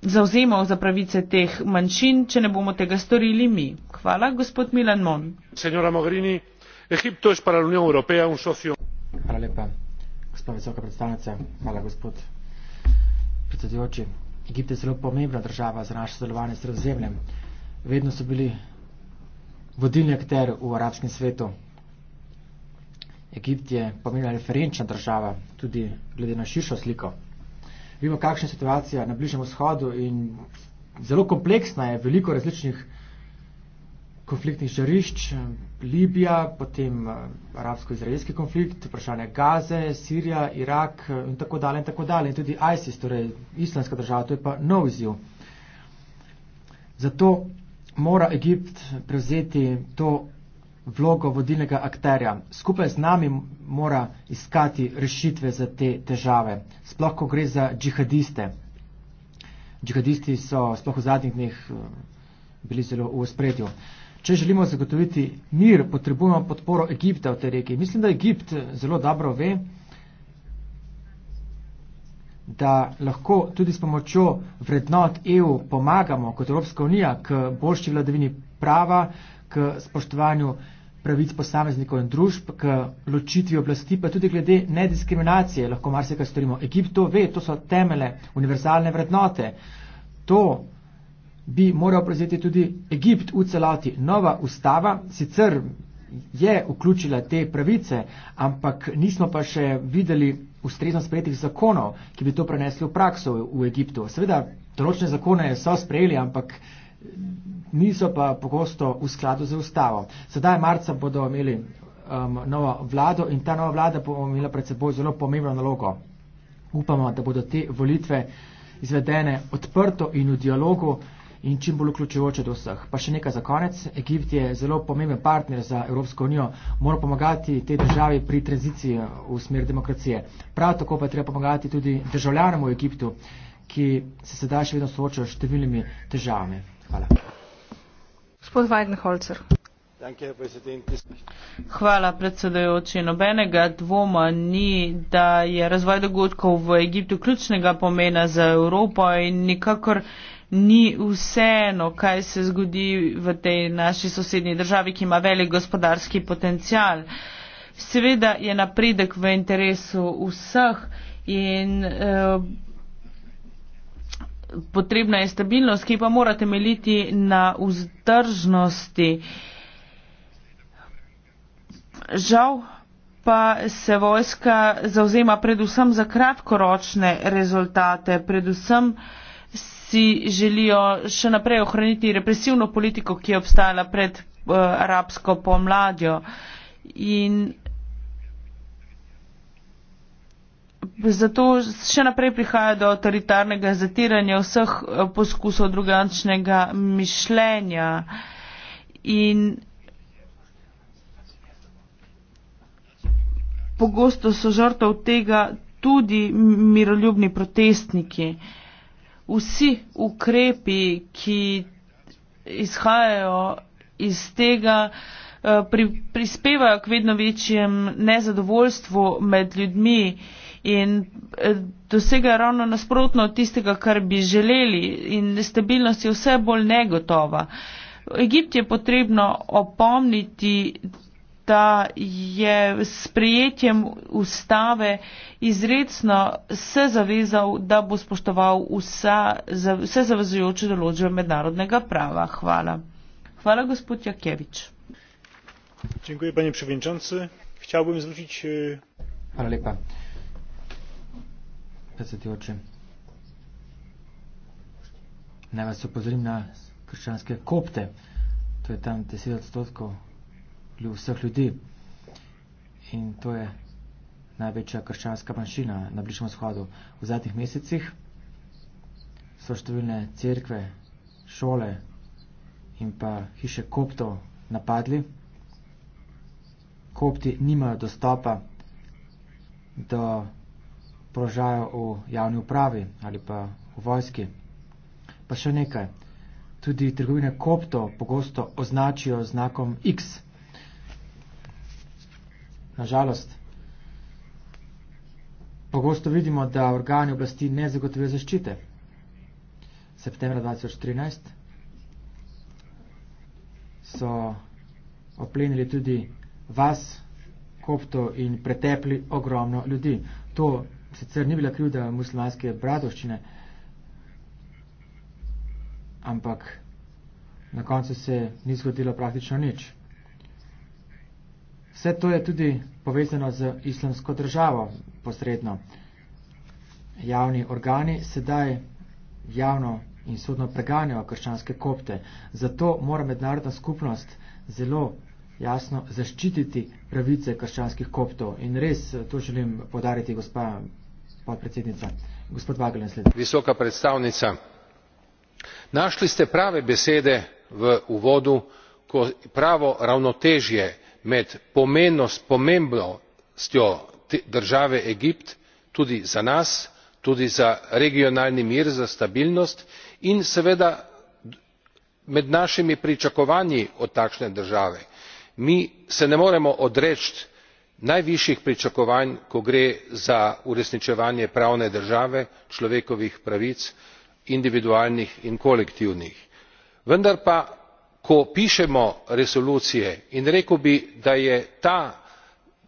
zauzemal za pravice teh manjšin, če ne bomo tega storili mi? Hvala, gospod Milan Mon. Egipto je para la Unión Europea un socio. Hvala lepa, gospod visoka predstavnica. Hvala, gospod predsedujoči. Egipt je zelo pomembna država za naše sodelovanje s sredozemljem. Vedno so bili vodilni akter v arabskem svetu. Egipt je pomembna referenčna država, tudi glede na širšo sliko. Vemo, kakšna je situacija na Bližnem vzhodu in zelo kompleksna je, veliko različnih konfliktnih žarišč, Libija, potem eh, arabsko-izraelski konflikt, vprašanje Gaze, Sirija, Irak eh, in tako dalje in tako dalje. In tudi ISIS, torej islamska država, to je pa nov izjiv. Zato mora Egipt prevzeti to vlogo vodilnega akterja. Skupaj z nami mora iskati rešitve za te težave, sploh ko gre za džihadiste. Džihadisti so sploh v zadnjih dneh eh, bili zelo v spredju. Uh, če želimo zagotoviti mir, potrebujemo podporo Egipta v tej regiji. Mislim, da Egipt eh, zelo dobro ve, da lahko tudi s pomočjo vrednot EU pomagamo kot Evropska unija k boljši vladavini prava, k spoštovanju pravic posameznikov in družb, k ločitvi oblasti, pa tudi glede nediskriminacije lahko marsikaj storimo. Egipt to ve, to so temele, univerzalne vrednote. To bi moral prevzeti tudi Egipt v celoti. Nova ustava sicer je vključila te pravice, ampak nismo pa še videli ustrezno sprejetih zakonov, ki bi to prenesli v prakso v Egiptu. Seveda, določene zakone so sprejeli, ampak niso pa pogosto v skladu z ustavo. Sedaj marca bodo imeli um, novo vlado in ta nova vlada bo imela pred seboj zelo pomembno nalogo. Upamo, da bodo te volitve izvedene odprto in v dialogu in čim bolj vključujoče do vseh. Pa še nekaj za konec. Egipt je zelo pomemben partner za Evropsko unijo, mora pomagati tej državi pri tranziciji v smer demokracije. Prav tako pa je treba pomagati tudi državljanom v Egiptu, ki se sedaj še vedno soočajo s številnimi težavami. Hvala. Gospod Weidenholzer. Hvala predsedojoči. Nobenega dvoma ni, da je razvoj dogodkov v Egiptu ključnega pomena za Evropo in nikakor ni vseeno, kaj se zgodi v tej naši sosednji državi, ki ima velik gospodarski potencial. Seveda je napredek v interesu vseh in eh, potrebna je stabilnost, ki pa mora temeljiti na vzdržnosti. Žal pa se vojska zauzema predvsem za kratkoročne rezultate, predvsem eh, si želijo še naprej ohraniti represivno politiko, ki je obstajala pred uh, arabsko pomladjo. In zato še naprej prihaja do avtoritarnega zatiranja vseh uh, poskusov drugačnega mišljenja. In pogosto so žrtov tega tudi miroljubni protestniki. Uh, vsi ukrepi, ki izhajajo iz tega, eh, pri, prispevajo k vedno večjem nezadovoljstvu med ljudmi in eh, dosega ravno nasprotno od tistega, kar bi želeli in stabilnost je vse bolj negotova. Egipt je potrebno opomniti, da je s prijetjem ustave izredno se zavezal, da bo spoštoval vsa, vse zavezujoče določbe mednarodnega prava. Hvala. Hvala, gospod Jakevič. Dziękuję, panie przewodniczący. Chciałbym zwrócić. Paralipa. E, Przedsedniczący. Najważniejsze upozorzenie na chrześcijańskie kopty. To jest tam 10 odstotków ljub vseh ljudi. In to je največja krščanska manjšina na Bližnem vzhodu. V zadnjih mesecih so številne cerkve, šole in pa hiše koptov napadli. Kopti nimajo dostopa do položaja v javni upravi ali pa v vojski. Pa še nekaj. Tudi trgovine kopto pogosto označijo znakom X. Nažalost, pogosto vidimo, da organi oblasti ne zagotovijo zaščite. Septembra 2013 so oplenili tudi vas, kopto in pretepli ogromno ljudi. To sicer ni bila krivda muslimanske bratovščine, ampak na koncu se ni zgodilo praktično nič. Vse to je tudi povezano z islamsko državo posredno. Javni organi sedaj javno in sodno preganjajo krščanske kopte. Zato mora mednarodna skupnost zelo jasno zaščititi pravice krščanskih koptov. In res to želim podariti, gospa podpredsednica. Gospod Vagelen sledi. Visoka predstavnica, našli ste prave besede v uvodu, ko pravo ravnotežje med pomembnostjo države egipt tudi za nas tudi za regionalni mir za stabilnost in seveda med našimi pričakovanji od takšne države. mi se ne moremo odreči najvišjih pričakovanj ko gre za uresničevanje pravne države človekovih pravic individualnih in kolektivnih. vendar pa ko pišemo resolucije in rekel bi da je ta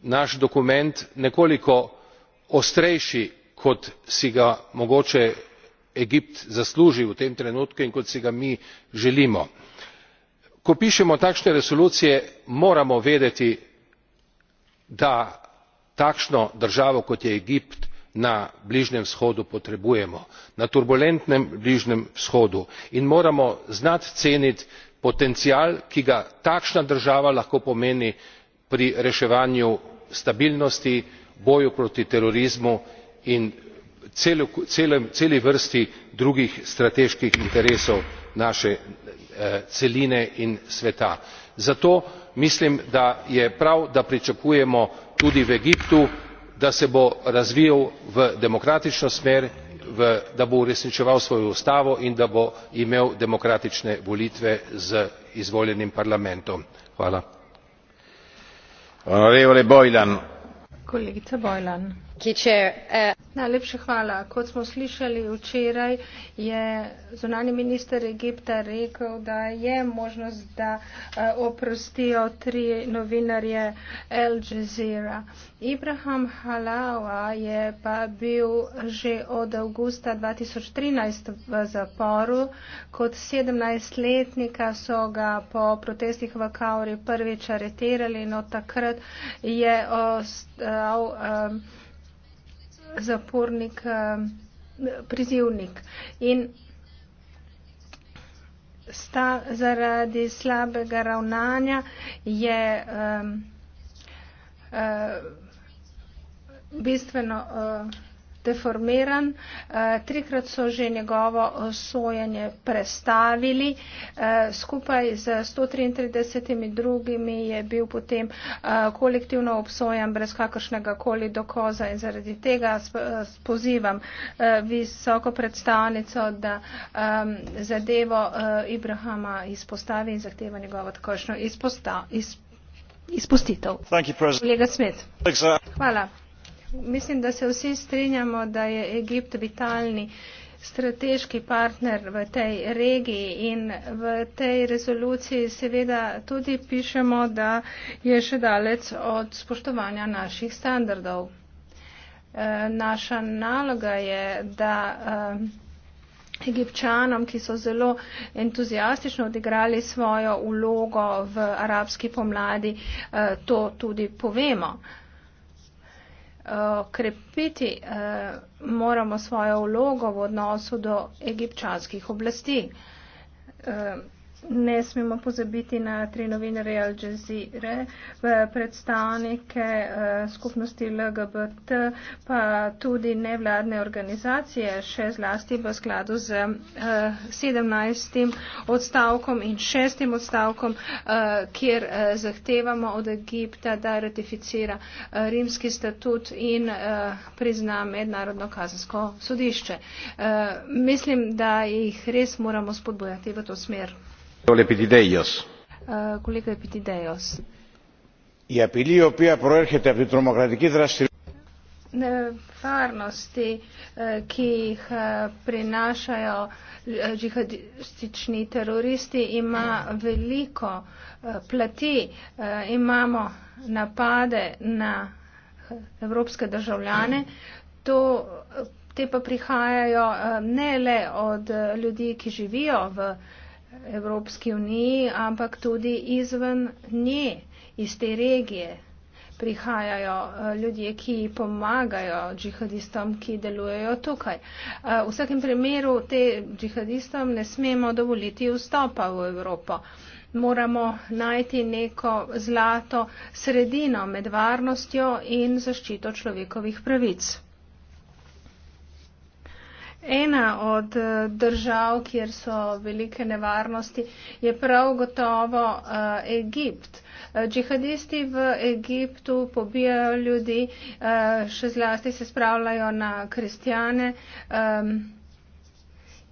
naš dokument nekoliko ostrejši kot si ga mogoče egipt zasluži v tem trenutku in kot si ga mi želimo ko pišemo takšne resolucije moramo vedeti da takšno državo kot je egipt na bližnjem vzhodu potrebujemo na turbulentnem bližnjem vzhodu in moramo znati ceniti potencial ki ga takšna država lahko pomeni pri reševanju stabilnosti boju proti terorizmu in celi vrsti drugih strateških interesov naše eh, celine in sveta. zato mislim da je prav da pričakujemo tudi v egiptu da se bo razvijal v demokratično smer da bo uresničeval svojo ustavo in da bo imel demokratične volitve z izvoljenim parlamentom. Eh, Najlepša hvala. Kot smo slišali včeraj, je zunani minister Egipta rekel, da je možnost, da eh, oprostijo tri novinarje Al Jazeera. Ibrahim Halawa je pa bil že od avgusta 2013 v zaporu. Kot 17-letnika so ga po protestih v Kauri prvič areterali, no takrat je ostal. Um, zapornik, eh, prizivnik. In sta, zaradi slabega ravnanja je um, uh, bistveno. Uh, deformiran. Eh, trikrat so že njegovo sojenje prestavili. Eh, skupaj z 133 drugimi je bil potem eh, kolektivno obsojen brez kakršnega koli dokoza in zaradi tega pozivam visoko predstavnico, da zadevo Ibrahama izpostavi in zahteva njegovo takošno izpostavljanje. Izpustitev. Thank you, uh, Hvala. Mislim, da se vsi strinjamo, da je Egipt vitalni strateški partner v tej regiji in v tej rezoluciji seveda tudi pišemo, da je še dalec od spoštovanja naših standardov. Eh, naša naloga je, da eh, egipčanom, ki so zelo entuzijastično odigrali svojo ulogo v arabski pomladi, eh, to tudi povemo. Eh, krepiti eh, moramo svojo vlogo v odnosu do egipčanskih oblasti. Eh, ne smemo pozabiti na tri novinarje Al Jazeera, predstavnike eh, skupnosti LGBT, pa tudi nevladne organizacije, še zlasti v skladu z 17. Eh, odstavkom in 6. odstavkom, eh, kjer zahtevamo od Egipta, da ratificira rimski statut in prizna mednarodno kazansko sodišče. Mislim, da jih res moramo spodbojati v to smer κολέγα Επιτιδέος. Uh, η απειλή η οποία προέρχεται από την τρομοκρατική δραστηριότητα. Πλατή, uh, uh, imamo napade na evropske državljane, to, te pa prihajajo ne le od ljudi, ki živijo v uh, Evropski uniji, ampak tudi izven nje, iz te regije prihajajo eh, ljudje, ki pomagajo džihadistom, ki delujejo tukaj. Eh, v vsakem primeru te džihadistom ne smemo dovoliti vstopa v Evropo. Moramo najti neko zlato sredino med varnostjo in zaščito človekovih pravic. Ena od eh, držav, kjer so velike nevarnosti, je prav gotovo uh, Egipt. Eh, džihadisti v Egiptu pobijajo ljudi, uh, še zlasti se spravljajo na kristjane. Um,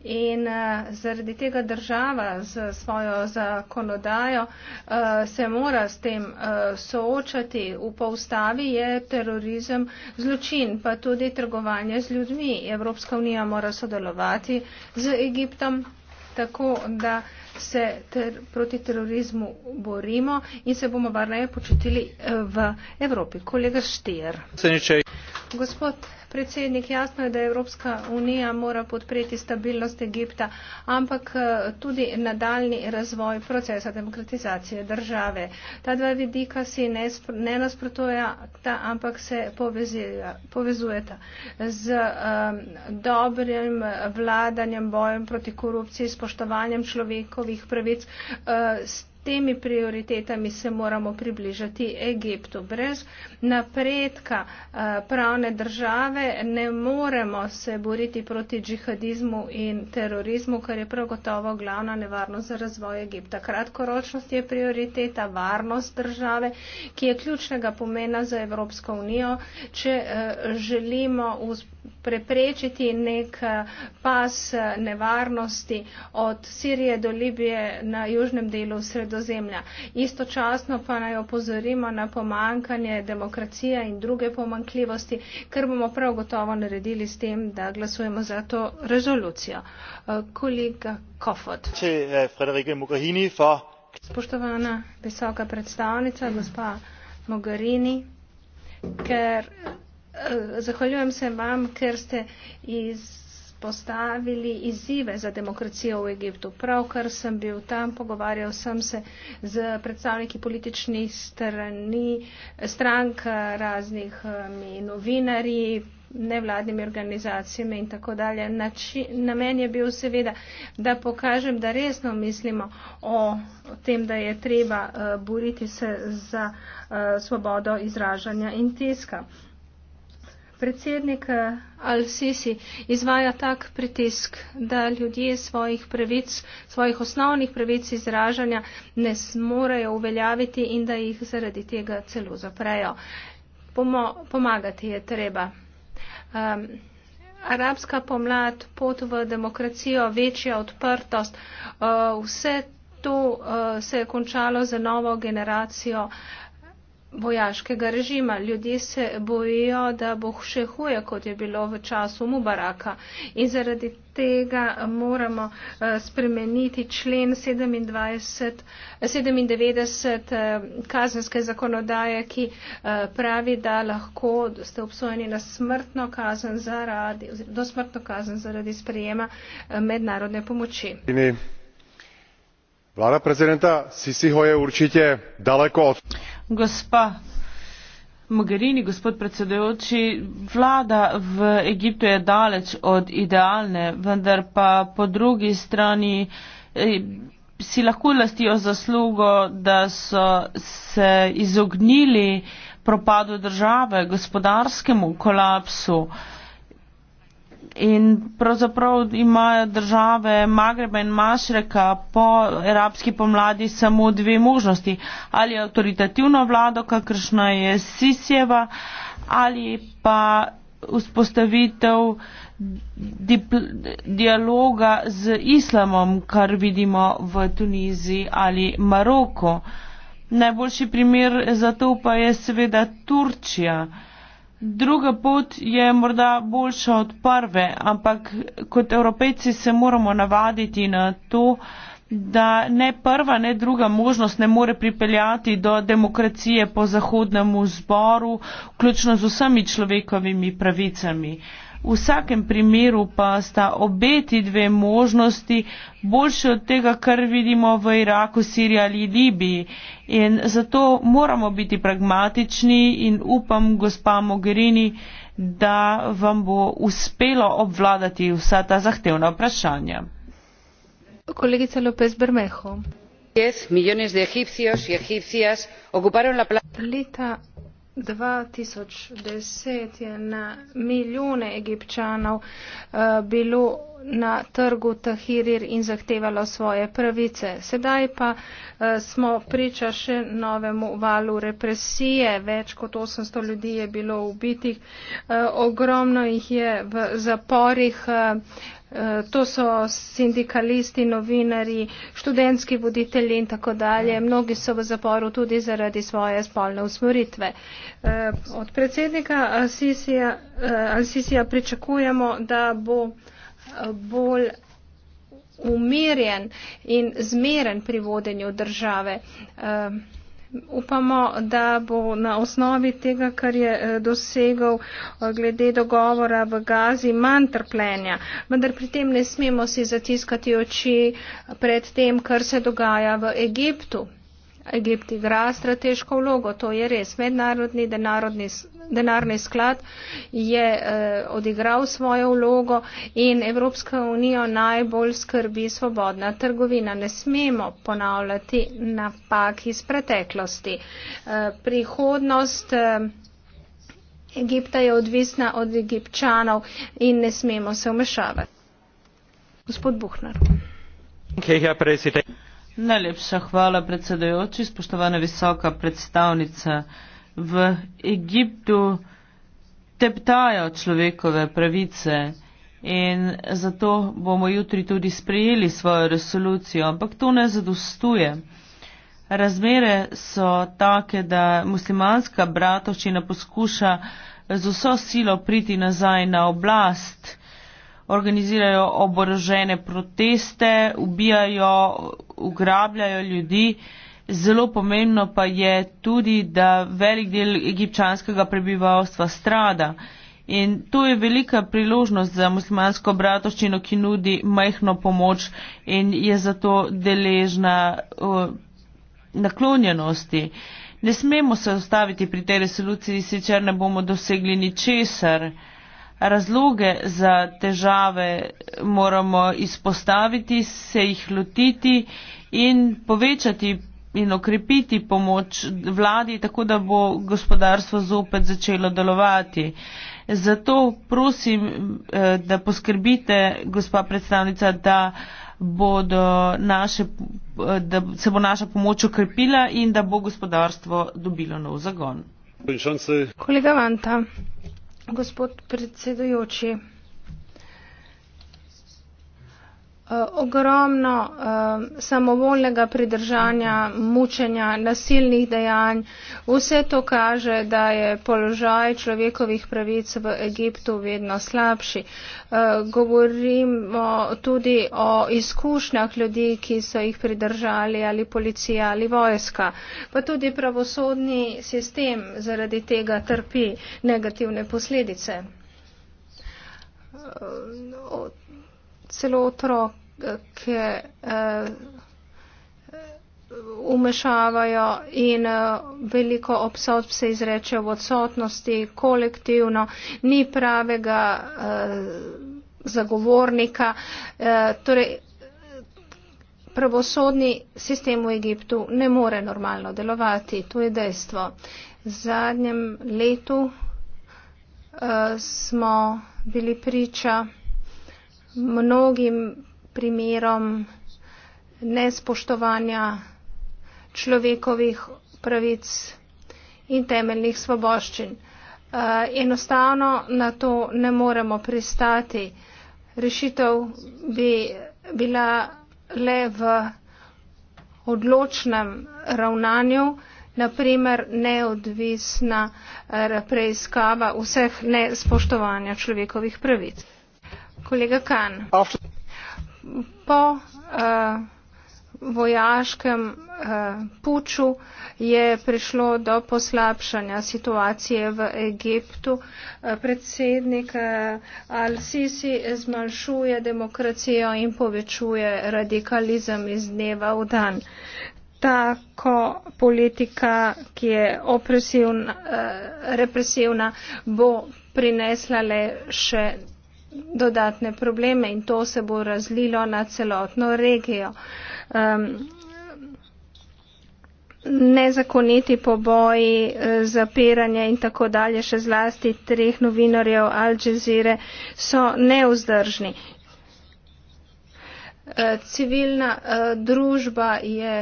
In uh, zaradi tega država z svojo zakonodajo uh, se mora s tem uh, soočati. V povstavi je terorizem zločin, pa tudi trgovanje z ljudmi. Evropska unija mora sodelovati z Egiptom tako, da se ter, proti terorizmu borimo in se bomo varneje počutili v Evropi. Kolega Štir. Gospod predsednik, jasno je, da Evropska unija mora podpreti stabilnost Egipta, ampak eh, tudi nadaljni razvoj procesa demokratizacije države. Ta dva vidika si ne, ne nasprotujata, ampak se povezujeta z um, dobrim vladanjem, bojem proti korupciji, spoštovanjem človekovih pravic. Uh, temi prioritetami se moramo približati Egiptu. Brez napredka eh, pravne države ne moremo se boriti proti džihadizmu in terorizmu, kar je prav gotovo glavna nevarnost za razvoj Egipta. Kratkoročnost je prioriteta, varnost države, ki je ključnega pomena za Evropsko unijo, če eh, želimo preprečiti nek eh, pas eh, nevarnosti od Sirije do Libije na južnem delu sredozemlja. Istočasno pa naj opozorimo na pomankanje demokracije in druge pomankljivosti, kar bomo prav gotovo naredili s tem, da glasujemo za to rezolucijo. Eh, kolega Kofod. Spoštovana visoka predstavnica, gospa Mogherini, ker Zahvaljujem se vam, ker ste izpostavili izzive za demokracijo v Egiptu. Pravkar sem bil tam, pogovarjal sem se z predstavniki političnih strani, strank raznih um, novinarji, nevladnimi organizacijami in tako dalje. Namen je bil seveda, da pokažem, da resno mislimo o tem, da je treba uh, boriti se za uh, svobodo izražanja in tiska predsednik eh, Al-Sisi izvaja tak pritisk, da ljudje svojih pravic, svojih osnovnih pravic izražanja ne smorejo uveljaviti in da jih zaradi tega celo zaprejo. Pomo pomagati je treba. Um, arabska pomlad, pot v demokracijo, večja odprtost, uh, vse to uh, se je končalo za novo generacijo. Uh, vojaškega režima. Ljudje se bojijo, da bo še huje, kot je bilo v času Mubaraka. In zaradi tega moramo eh, spremeniti člen 27, 97 eh, kazenske zakonodaje, ki eh, pravi, da lahko ste obsojeni na smrtno kazen zaradi, do smrtno kazen zaradi sprejema mednarodne pomoči vláda prezidenta sísího je určitě daleko od. gospa mogherini gospod predsedujoči vlada v egiptu je daleč od idealne vendar pa po drugi strani eh, si lahko lastijo zaslugo da so se izognili propadu države gospodarskemu kolapsu in pravzaprav imajo države Magreba in Mašreka po arabski pomladi samo dve možnosti. Ali avtoritativno vlado, kakršna je Sisjeva, ali pa vzpostavitev dialoga z islamom, kar vidimo v Tuniziji ali Maroko. Najboljši primer za to pa je seveda Turčija. Druga pot je morda boljša od prve, ampak kot evropejci se moramo navaditi na to, da ne prva, ne druga možnost ne more pripeljati do demokracije po zahodnemu zboru, vključno z vsemi človekovimi pravicami. Uh, V vsakem primeru pa sta obeti dve možnosti boljše od tega, kar vidimo v Iraku, Siriji ali Libiji. In zato moramo biti pragmatični in upam, gospa Mogherini, da vam bo uspelo obvladati vsa ta zahtevna vprašanja. Kolegica Lopez Bermejo. Leta 2010 je na milijone egipčanov uh, bilo na trgu Tahirir in zahtevalo svoje pravice. Sedaj pa uh, smo priča še novemu valu represije. Več kot 800 ljudi je bilo ubitih. Uh, ogromno jih je v zaporih. Uh, to so sindikalisti, novinari, študentski voditelji in tako dalje. Mnogi so v zaporu tudi zaradi svoje spolne usmeritve. Eh, od predsednika Al-Sisija eh, Al pričakujemo, da bo eh, bolj umirjen in zmeren pri vodenju države. Uh, upamo, da bo na osnovi tega, kar je eh, dosegal eh, glede dogovora v Gazi, manj trpljenja. Vendar pri tem ne smemo si zatiskati oči pred tem, kar se dogaja v Egiptu. Egipt igra strateško vlogo, to je res. Mednarodni denarodni, denarni sklad je eh, odigral svojo vlogo in Evropska unija najbolj skrbi svobodna trgovina. Ne smemo ponavljati napak iz preteklosti. Eh, prihodnost eh, Egipta je odvisna od egipčanov in ne smemo se umešavati. Gospod Buhner. Okay, ja, Najlepša hvala, predsedajoči, spoštovana visoka predstavnica. V Egiptu teptajo človekove pravice in zato bomo jutri tudi sprejeli svojo resolucijo, ampak to ne zadostuje. Razmere so take, da muslimanska bratovščina poskuša z vso silo priti nazaj na oblast organizirajo oborožene proteste, ubijajo, ugrabljajo ljudi. Zelo pomembno pa je tudi, da velik del egipčanskega prebivalstva strada. In to je velika priložnost za muslimansko bratoščino, ki nudi majhno pomoč in je zato deležna naklonjenosti. Ne smemo se ostaviti pri tej resoluciji, sicer ne bomo dosegli ničesar razloge za težave moramo izpostaviti, se jih lotiti in povečati in okrepiti pomoč vladi, tako da bo gospodarstvo zopet začelo delovati. Zato prosim, eh, da poskrbite, gospa predstavnica, da, naše, eh, da se bo naša pomoč okrepila in da bo gospodarstvo dobilo nov zagon. Kolega Vanta gospod predsedujoči. Eh, ogromno uh, samovoljnega pridržanja, mučenja, nasilnih dejanj. Vse to kaže, da je položaj človekovih pravic v Egiptu vedno slabši. Uh, govorimo tudi o izkušnjah ljudi, ki so jih pridržali ali policija ali vojska. Pa tudi pravosodni sistem zaradi tega trpi negativne posledice. Uh, no, celo otroke uh, umešavajo in uh, veliko obsodb se izreče v odsotnosti, kolektivno, ni pravega uh, zagovornika. Uh, torej, pravosodni sistem v Egiptu ne more normalno delovati, to je dejstvo. V zadnjem letu uh, smo bili priča mnogim primerom nespoštovanja človekovih pravic in temeljnih svoboščin. Eh, enostavno na to ne moremo pristati. Rešitev bi bila le v odločnem ravnanju, naprimer neodvisna eh, preiskava vseh nespoštovanja človekovih pravic. Kolega Kan. Po uh, vojaškem uh, puču je prišlo do poslabšanja situacije v Egiptu. Eh, predsednik Al-Sisi zmanjšuje demokracijo in povečuje radikalizem iz dneva v dan. Tako politika, ki je opresivna, represivna, bo prinesla le še dodatne probleme in to se bo razlilo na celotno regijo. Um, nezakoniti poboji, e, zapiranje in tako dalje, še zlasti treh novinarjev Al Jazeera, so neuzdržni. E, civilna e, družba je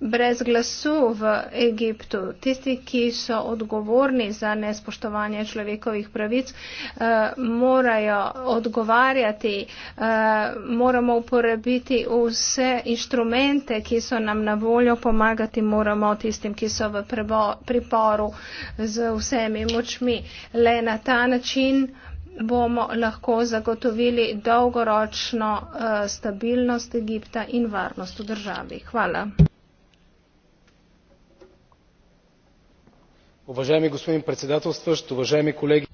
brez glasu v Egiptu, tisti, ki so odgovorni za nespoštovanje človekovih pravic, eh, morajo odgovarjati, eh, moramo uporabiti vse inštrumente, ki so nam na voljo, pomagati moramo tistim, ki so v priporu z vsemi močmi. Le na ta način bomo lahko zagotovili dolgoročno eh, stabilnost Egipta in varnost v državi. Hvala. уважаеми господин председателстващ уважаеми колеги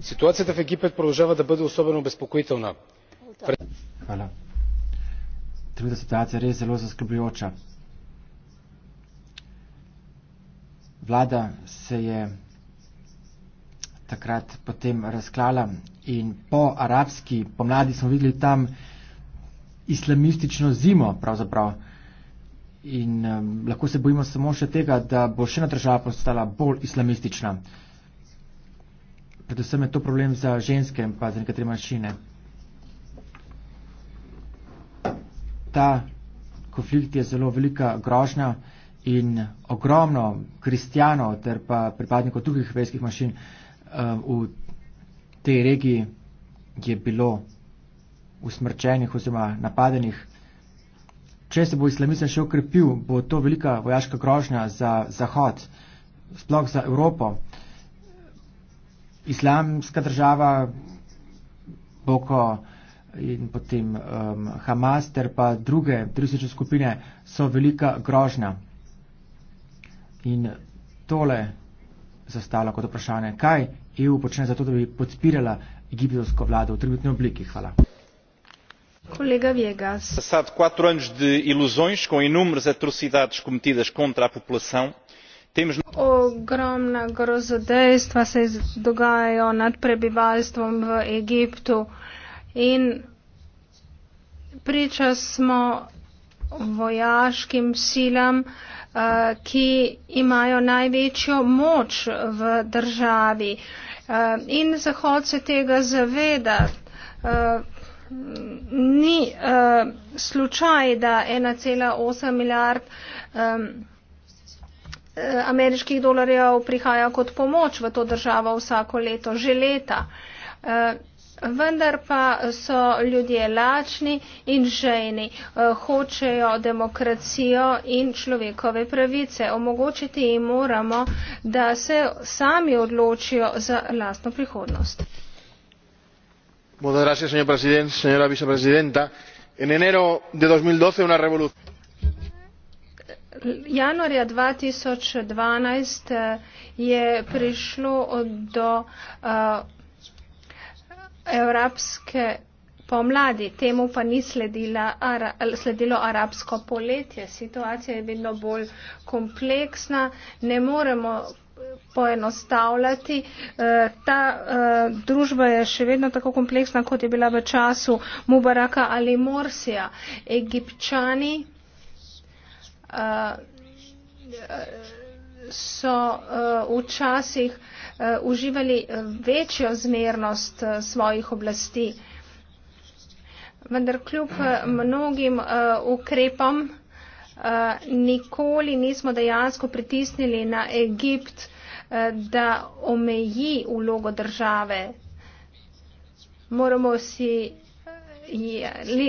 ситуацията в египет продължава да бъде особено обезпокоителна Vlada se je takrat potem razklala in po arabski pomladi smo videli tam islamistično zimo, pravzaprav in um, lahko se bojimo samo še tega, da bo še ena država postala bolj islamistična. Predvsem je to problem za ženske in pa za nekatere manjšine. Ta konflikt je zelo velika grožnja in ogromno kristijanov ter pa pripadnikov drugih verskih manjšin um, v tej regiji je bilo usmrčenih oziroma napadenih če se bo islamizem še okrepil, bo to velika vojaška grožnja za Zahod, sploh za Evropo. Islamska država, Boko in potem um, Hamas ter pa druge turistične skupine so velika grožnja. In tole zastavlja kot vprašanje, kaj EU počne za to, da bi podpirala egiptovsko vlado v trenutni obliki. Hvala passado quatro anos de ilusões com inúmeras atrocidades cometidas contra a população temos. No ogromna grozodejstva se dogajajo nad prebivalstvom v egiptu in priča smo vojaškim silam eh, ki imajo največjo moč v državi eh, in zahod se tega zaveda eh, ni uh, slučaj, da 1,8 milijard um, ameriških dolarjev prihaja kot pomoč v to državo vsako leto, že leta. Uh, Vendar pa so ljudje lačni in žejni, hočejo demokracijo in človekove pravice. Omogočiti jim moramo, da se sami odločijo za lastno prihodnost señor presidente señora vicepresidenta en enero de dos mil doce una revolución januarja dva tisoč dvanajst eh, je prišlo do eh, evropske pomladi temu pa ni sledila, sledilo arabsko poletje situacija je vedno bolj kompleksna ne moremo poenostavljati. Eh, ta eh, družba je še vedno tako kompleksna, kot je bila v času Mubaraka ali Morsija. Egipčani eh, so včasih uživali večjo zmernost svojih oblasti. Vendar kljub mnogim ukrepom nikoli nismo dejansko pritisnili na Egipt da omeji ulogo države. Moramo si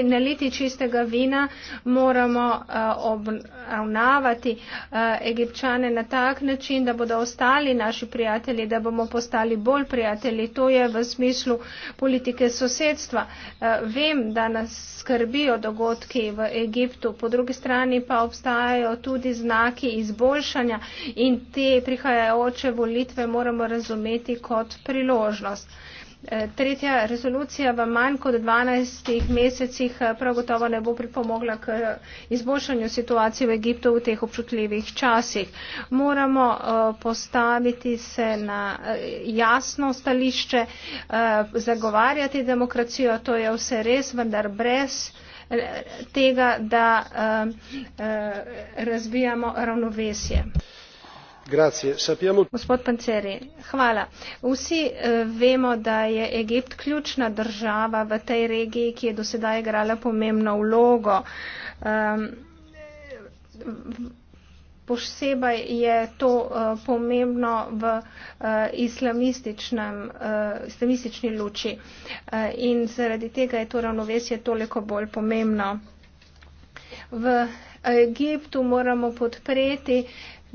na leti čistega vina moramo eh, obravnavati eh, egipčane na tak način, da bodo ostali naši prijatelji, da bomo postali bolj prijatelji. To je v smislu politike sosedstva. Eh, vem, da nas skrbijo dogodki v Egiptu, po drugi strani pa obstajajo tudi znaki izboljšanja in te prihajajoče volitve moramo razumeti kot priložnost. Eh, tretja rezolucija v manj kot 12 mesecih eh, prav gotovo ne bo pripomogla k eh, izboljšanju situacije v Egiptu v teh občutljivih časih. Moramo postaviti se na jasno stališče, zagovarjati demokracijo, to je vse res, vendar brez tega, da razvijamo ravnovesje gospod panceri hvala vsi eh, vemo da je egipt ključna država v tej regiji ki je do sedaj igrala pomembno vlogo ehm, posebej je to eh, pomembno v eh, islamističnem islamistični luči in zaradi tega je to ravnovesje toliko bolj pomembno v Egiptu moramo podpreti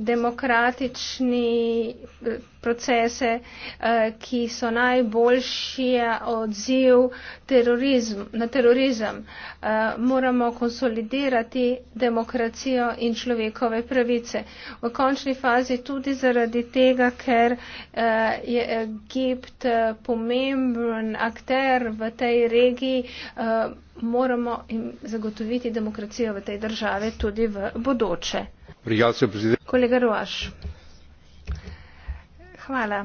demokratični eh, procese, eh, ki so najboljši odziv terorizm, na terorizem. Eh, moramo konsolidirati demokracijo in človekove pravice. V končni fazi tudi zaradi tega, ker je Egipt pomemben akter v tej regiji, moramo jim zagotoviti demokracijo v tej državi tudi v bodoče kolega ruaš hvala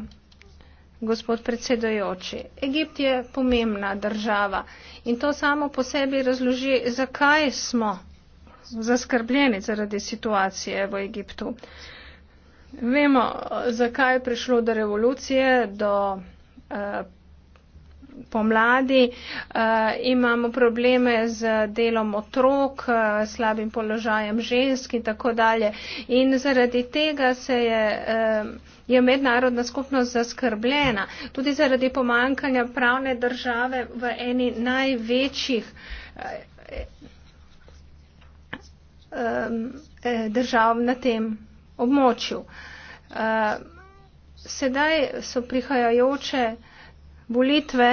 gospod predsedujoči egipt je pomembna država in to samo po sebi razloži zakaj smo zaskrbljeni zaradi situacije v egiptu vemo zakaj je prišlo do revolucije do eh, pomladi. Eh, imamo probleme z delom otrok, eh, slabim položajem žensk in tako dalje. In zaradi tega se je eh, je mednarodna skupnost zaskrbljena, tudi zaradi pomankanja pravne države v eni največjih držav na tem območju. Sedaj so prihajajoče volitve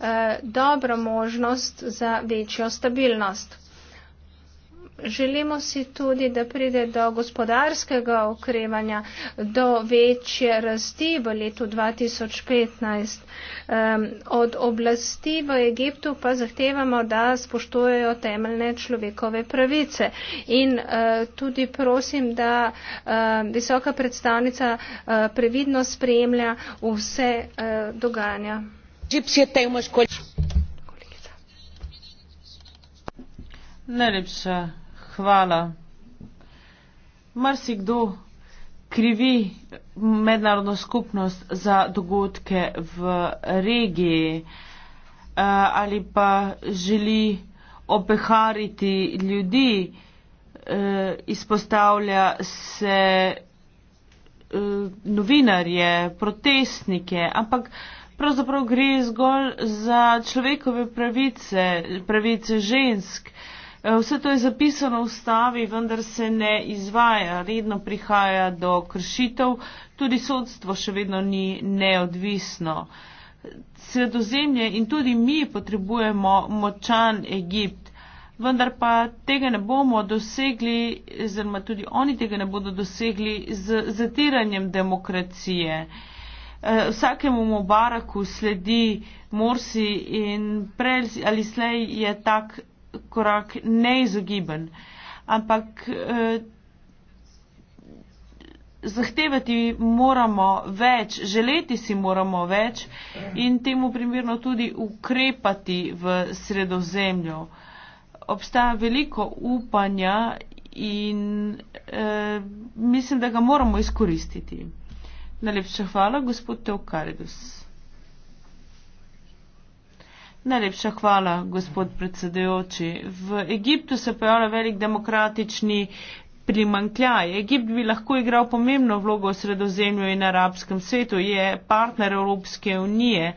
eh, dobro možnost za večjo stabilnost. Želimo si tudi, da pride do gospodarskega okrevanja, do večje rasti v letu 2015. Od oblasti v Egiptu pa zahtevamo, da spoštujejo temeljne človekove pravice. In e, tudi prosim, da e, visoka predstavnica e, previdno spremlja vse dogajanja. Najlepša hvala. Mrsikdo krivi mednarodno skupnost za dogodke v regiji eh, ali pa želi opehariti ljudi, eh, izpostavlja se eh, novinarje, protestnike, ampak pravzaprav gre zgolj za človekove pravice, pravice žensk, Eh, vse to je zapisano v ustavi, vendar se ne izvaja. Redno prihaja do kršitev, tudi sodstvo še vedno ni neodvisno. Sredozemlje in tudi mi potrebujemo močan Egipt, vendar pa tega ne bomo dosegli, oziroma tudi oni tega ne bodo dosegli z zatiranjem demokracije. Eh, vsakemu Mubaraku sledi Morsi in prej ali slej je tak korak neizogiben, ampak eh, zahtevati moramo več, želeti si moramo več in temu primerno tudi ukrepati v sredozemljo. Obstaja veliko upanja in eh, mislim, da ga moramo izkoristiti. Najlepša hvala, gospod Teokaridus. Najlepša hvala, gospod predsedujoči. V Egiptu se pojavlja velik demokratični primankljaj. Egipt bi lahko igral pomembno vlogo v sredozemlju in arabskem svetu, je partner Evropske unije.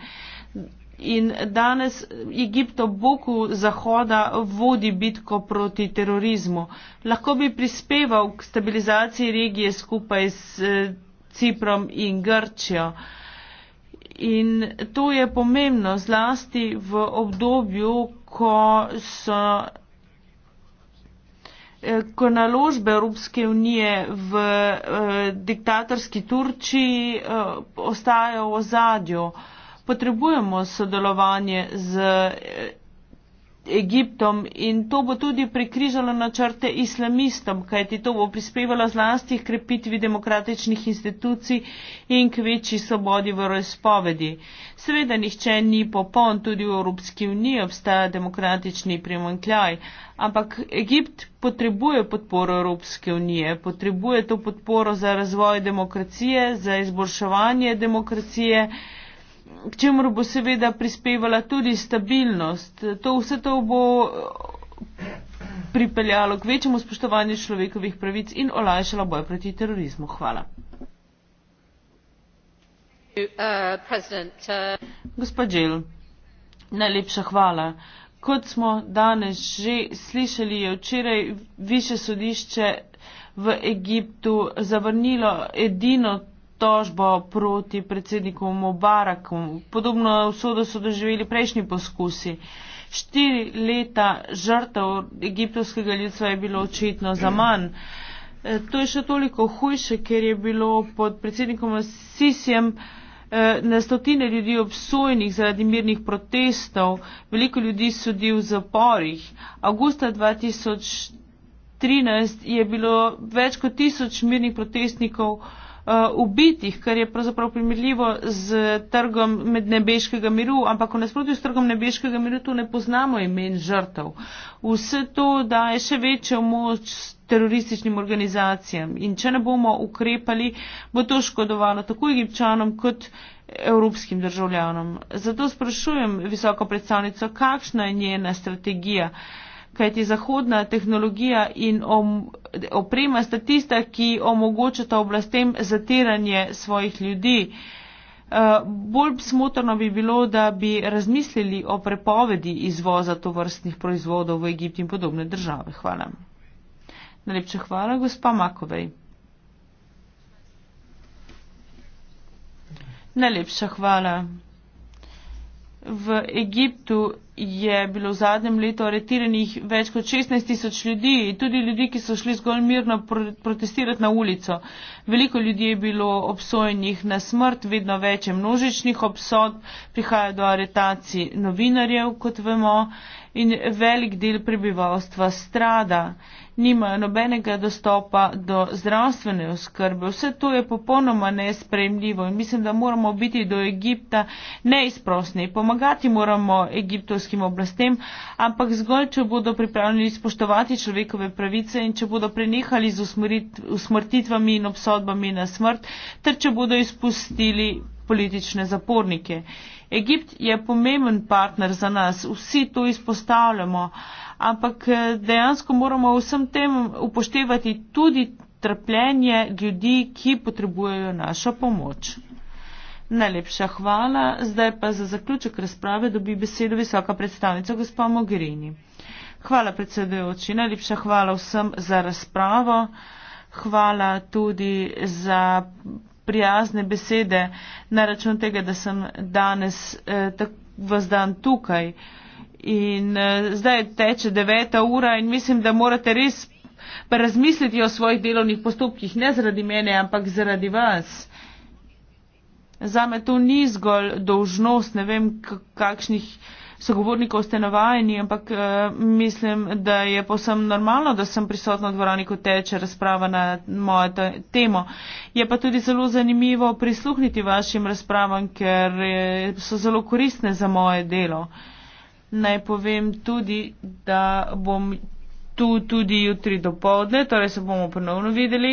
In danes Egipt ob boku Zahoda vodi bitko proti terorizmu. Lahko bi prispeval k stabilizaciji regije skupaj s eh, Ciprom in Grčijo. In to je pomembno zlasti v obdobju, ko so eh, ko naložbe Evropske unije v eh, diktatorski Turčiji eh, ostajajo v ozadju. Potrebujemo sodelovanje z eh, Egiptom in to bo tudi prekrižalo načrte islamistom, kajti to bo prispevalo zlasti krepitvi demokratičnih institucij in k večji svobodi v razpovedi. Seveda nihče ni popoln, tudi v Evropski uniji obstaja demokratični primankljaj, ampak Egipt potrebuje podporo Evropske unije, potrebuje to podporo za razvoj demokracije, za izboljševanje demokracije k čemur bo seveda prispevala tudi stabilnost. To vse to bo pripeljalo k večjemu spoštovanju človekovih pravic in olajšalo boj proti terorizmu. Hvala. Gospod Džel, najlepša hvala. Kot smo danes že slišali, je včeraj više sodišče v Egiptu zavrnilo edino obtožbo proti predsedniku Mubaraku. Podobno usodo so doživeli prejšnji poskusi. Štiri leta žrtev egiptovskega ljudstva je bilo očitno za manj. E, to je še toliko hujše, ker je bilo pod predsednikom Sisijem e, na stotine ljudi obsojenih zaradi mirnih protestov, veliko ljudi sodi v zaporih. Augusta 2013 je bilo več kot tisoč mirnih protestnikov. Eh, ubitih, kar je pravzaprav primerljivo z trgom med nebeškega miru, ampak v nasprotju s trgom nebeškega miru tu ne poznamo imen žrtev. Vse to daje še večjo moč terorističnim organizacijam in če ne bomo ukrepali, bo to škodovalo tako egipčanom kot evropskim državljanom. Zato sprašujem visoko predstavnico, kakšna je njena strategija kajti zahodna tehnologija in oprema sta tista, ki omogočata oblastem zatiranje svojih ljudi. Eh, bolj smotrno bi bilo, da bi razmislili o prepovedi izvoza tovrstnih proizvodov v Egipt in podobne države. Hvala. Najlepša hvala, gospa Makovej. Najlepša hvala. V Egiptu je bilo v zadnjem letu aretiranih več kot 16 tisoč ljudi, tudi ljudi, ki so šli zgolj mirno protestirati na ulico. Veliko ljudi je bilo obsojenih na smrt, vedno več je množičnih obsod, prihaja do aretacij novinarjev, kot vemo, in velik del prebivalstva strada nimajo nobenega dostopa do zdravstvene oskrbe. Vse to je popolnoma nespremljivo in mislim, da moramo biti do Egipta neizprostni. Pomagati moramo egiptovskim oblastem, ampak zgolj, če bodo pripravljeni spoštovati človekove pravice in če bodo prenehali z usmrtitvami in obsodbami na smrt, ter če bodo izpustili politične zapornike. Egipt je pomemben partner za nas, vsi to izpostavljamo ampak eh, dejansko moramo vsem tem upoštevati tudi trpljenje ljudi, ki potrebujejo našo pomoč. Najlepša hvala. Zdaj pa za zaključek razprave dobi besedo visoka predstavnica gospa Mogherini. Hvala predsedujoči, najlepša hvala vsem za razpravo. Hvala tudi za prijazne besede na račun tega, da sem danes eh, tak, vas dan tukaj. Eh, in eh, zdaj teče deveta ura in mislim, da morate res razmisliti o svojih delovnih postopkih, ne zaradi mene, ampak zaradi vas. Zame to ni zgolj dolžnost, ne vem, kakšnih sogovornikov ste navajeni, ampak uh, mislim, da je posem normalno, da sem prisotna v dvorani, ko teče razprava na mojo temo. Je pa tudi zelo zanimivo prisluhniti vašim razpravam, ker eh, so zelo koristne za moje delo. Uh, Naj povem tudi, da bom tu tudi jutri do povdne, torej se bomo ponovno videli.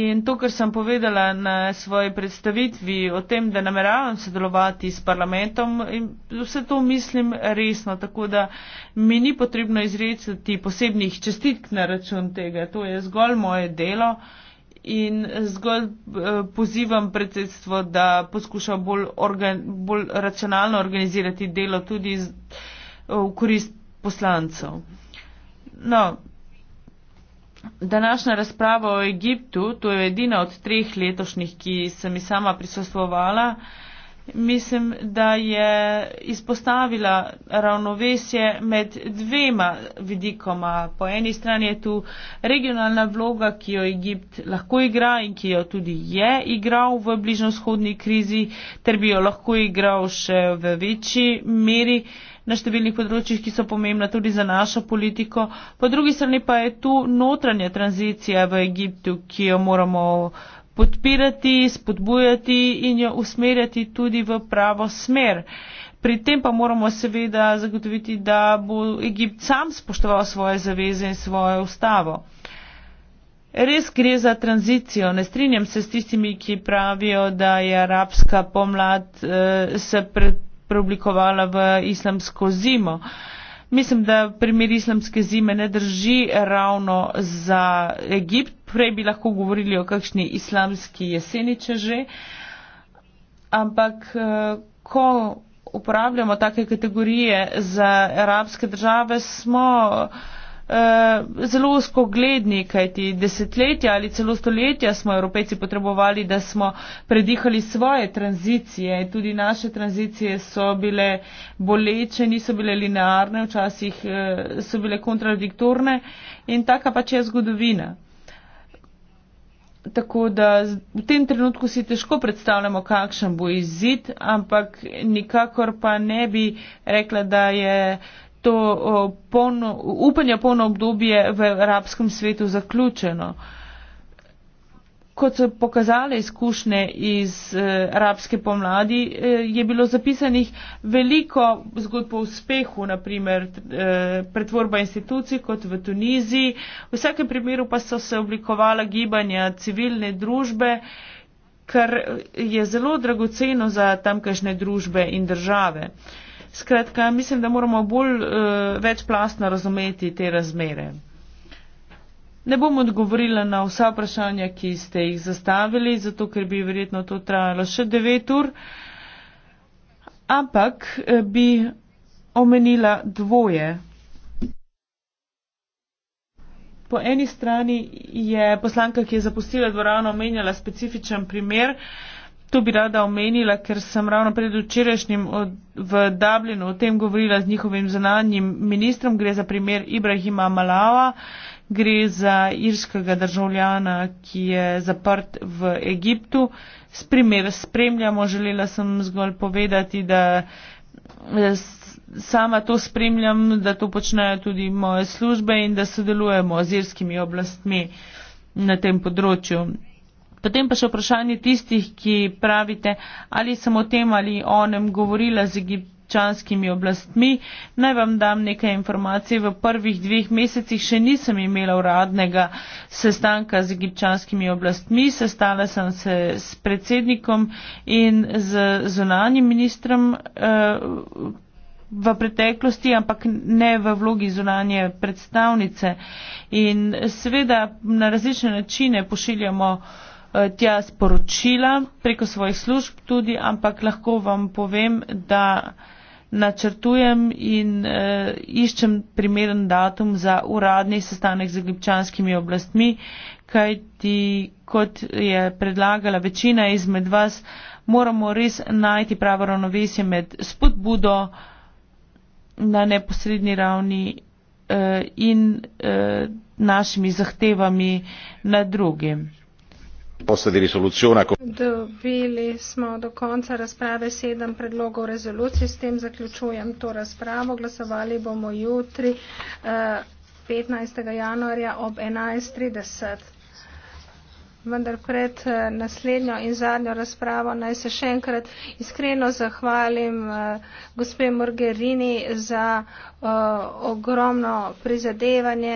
In to, kar sem povedala na svoji predstavitvi o tem, da nameravam sodelovati s parlamentom, vse to mislim resno, tako da mi ni potrebno izrecati posebnih čestitk na račun tega. To je zgolj moje delo. Uh, in eh, zgolj eh, pozivam predsedstvo, da poskuša bolj, organ, bolj racionalno organizirati delo tudi z, eh, v korist poslancev. No, današnja razprava o Egiptu, to je edina od treh letošnjih, ki sem jih sama prisostovala, mislim, da je izpostavila ravnovesje med dvema vidikoma. Po eni strani je tu regionalna vloga, ki jo Egipt lahko igra in ki jo tudi je igral v bližnjovzhodni krizi, ter bi jo lahko igral še v večji meri na številnih področjih, ki so pomembna tudi za našo politiko. Po drugi strani pa je tu notranja tranzicija v Egiptu, ki jo moramo podpirati, spodbujati in jo usmerjati tudi v pravo smer. Pri tem pa moramo seveda zagotoviti, da bo Egipt sam spoštoval svoje zaveze in svojo ustavo. Res gre za tranzicijo. Ne strinjam se s tistimi, ki pravijo, da je arabska pomlad eh, se preoblikovala v islamsko zimo. Mislim, da primer islamske zime ne drži ravno za Egipt, prej bi lahko govorili o kakšni islamski jeseni, če že. Ampak eh, ko uporabljamo take kategorije za arabske države, smo eh, zelo uskogledni, kajti desetletja ali celo stoletja smo evropejci potrebovali, da smo predihali svoje tranzicije. Tudi naše tranzicije so bile boleče, niso bile linearne, včasih eh, so bile kontradiktorne in taka pač je zgodovina. Tako da v tem trenutku si težko predstavljamo, kakšen bo izid, ampak nikakor pa ne bi rekla, da je to polno, upanja polno obdobje v arabskem svetu zaključeno. Uh, kot so pokazale izkušnje iz eh, arabske pomladi, eh, je bilo zapisanih veliko zgodb o uspehu, naprimer eh, pretvorba institucij kot v Tuniziji. V vsakem primeru pa so se oblikovala gibanja civilne družbe, kar je zelo dragoceno za tamkajšnje družbe in države. Skratka, mislim, da moramo bolj eh, večplastno razumeti te razmere. Ne bom odgovorila na vsa vprašanja, ki ste jih zastavili, zato ker bi verjetno to trajalo še 9 ur. Ampak eh, bi omenila dvoje. Po eni strani je poslanka, ki je zapustila dvorano, omenjala specifičen primer. To bi rada omenila, ker sem ravno pred včerajšnjim v Dublinu o tem govorila z njihovim zunanjim ministrom. Gre za primer Ibrahima Malava. Gre za irskega državljana, ki je zaprt v Egiptu. Primer spremljamo, želela sem zgolj povedati, da sama to spremljam, da to počnejo tudi moje službe in da sodelujemo z irskimi oblastmi na tem področju. Potem pa še vprašanje tistih, ki pravite, ali sem o tem ali onem govorila z Egiptom občanskimi oblastmi. Naj vam dam nekaj informacij. V prvih dveh mesecih še nisem imela uradnega sestanka z egipčanskimi oblastmi. Sestala sem se s predsednikom in z zunanjim ministrom. Uh, v preteklosti, ampak ne v vlogi zunanje predstavnice. In seveda na različne načine pošiljamo eh, tja sporočila preko svojih služb tudi, ampak lahko vam povem, da načrtujem in uh, iščem primeren datum za uradni sestanek z egipčanskimi oblastmi, kajti kot je predlagala večina izmed vas, moramo res najti pravo ravnovesje med spodbudo na neposrednji ravni uh, in uh, našimi zahtevami na drugim proposta di risoluzione a Dobili smo do konca razprave sedem predlogov rezolucij, s tem zaključujem to razpravo. Glasovali bomo jutri 15. Eh, januarja ob 11.30. Vendar pred eh, naslednjo in zadnjo razpravo naj se še enkrat iskreno zahvalim eh, gospe Morgerini za ogromno prizadevanje.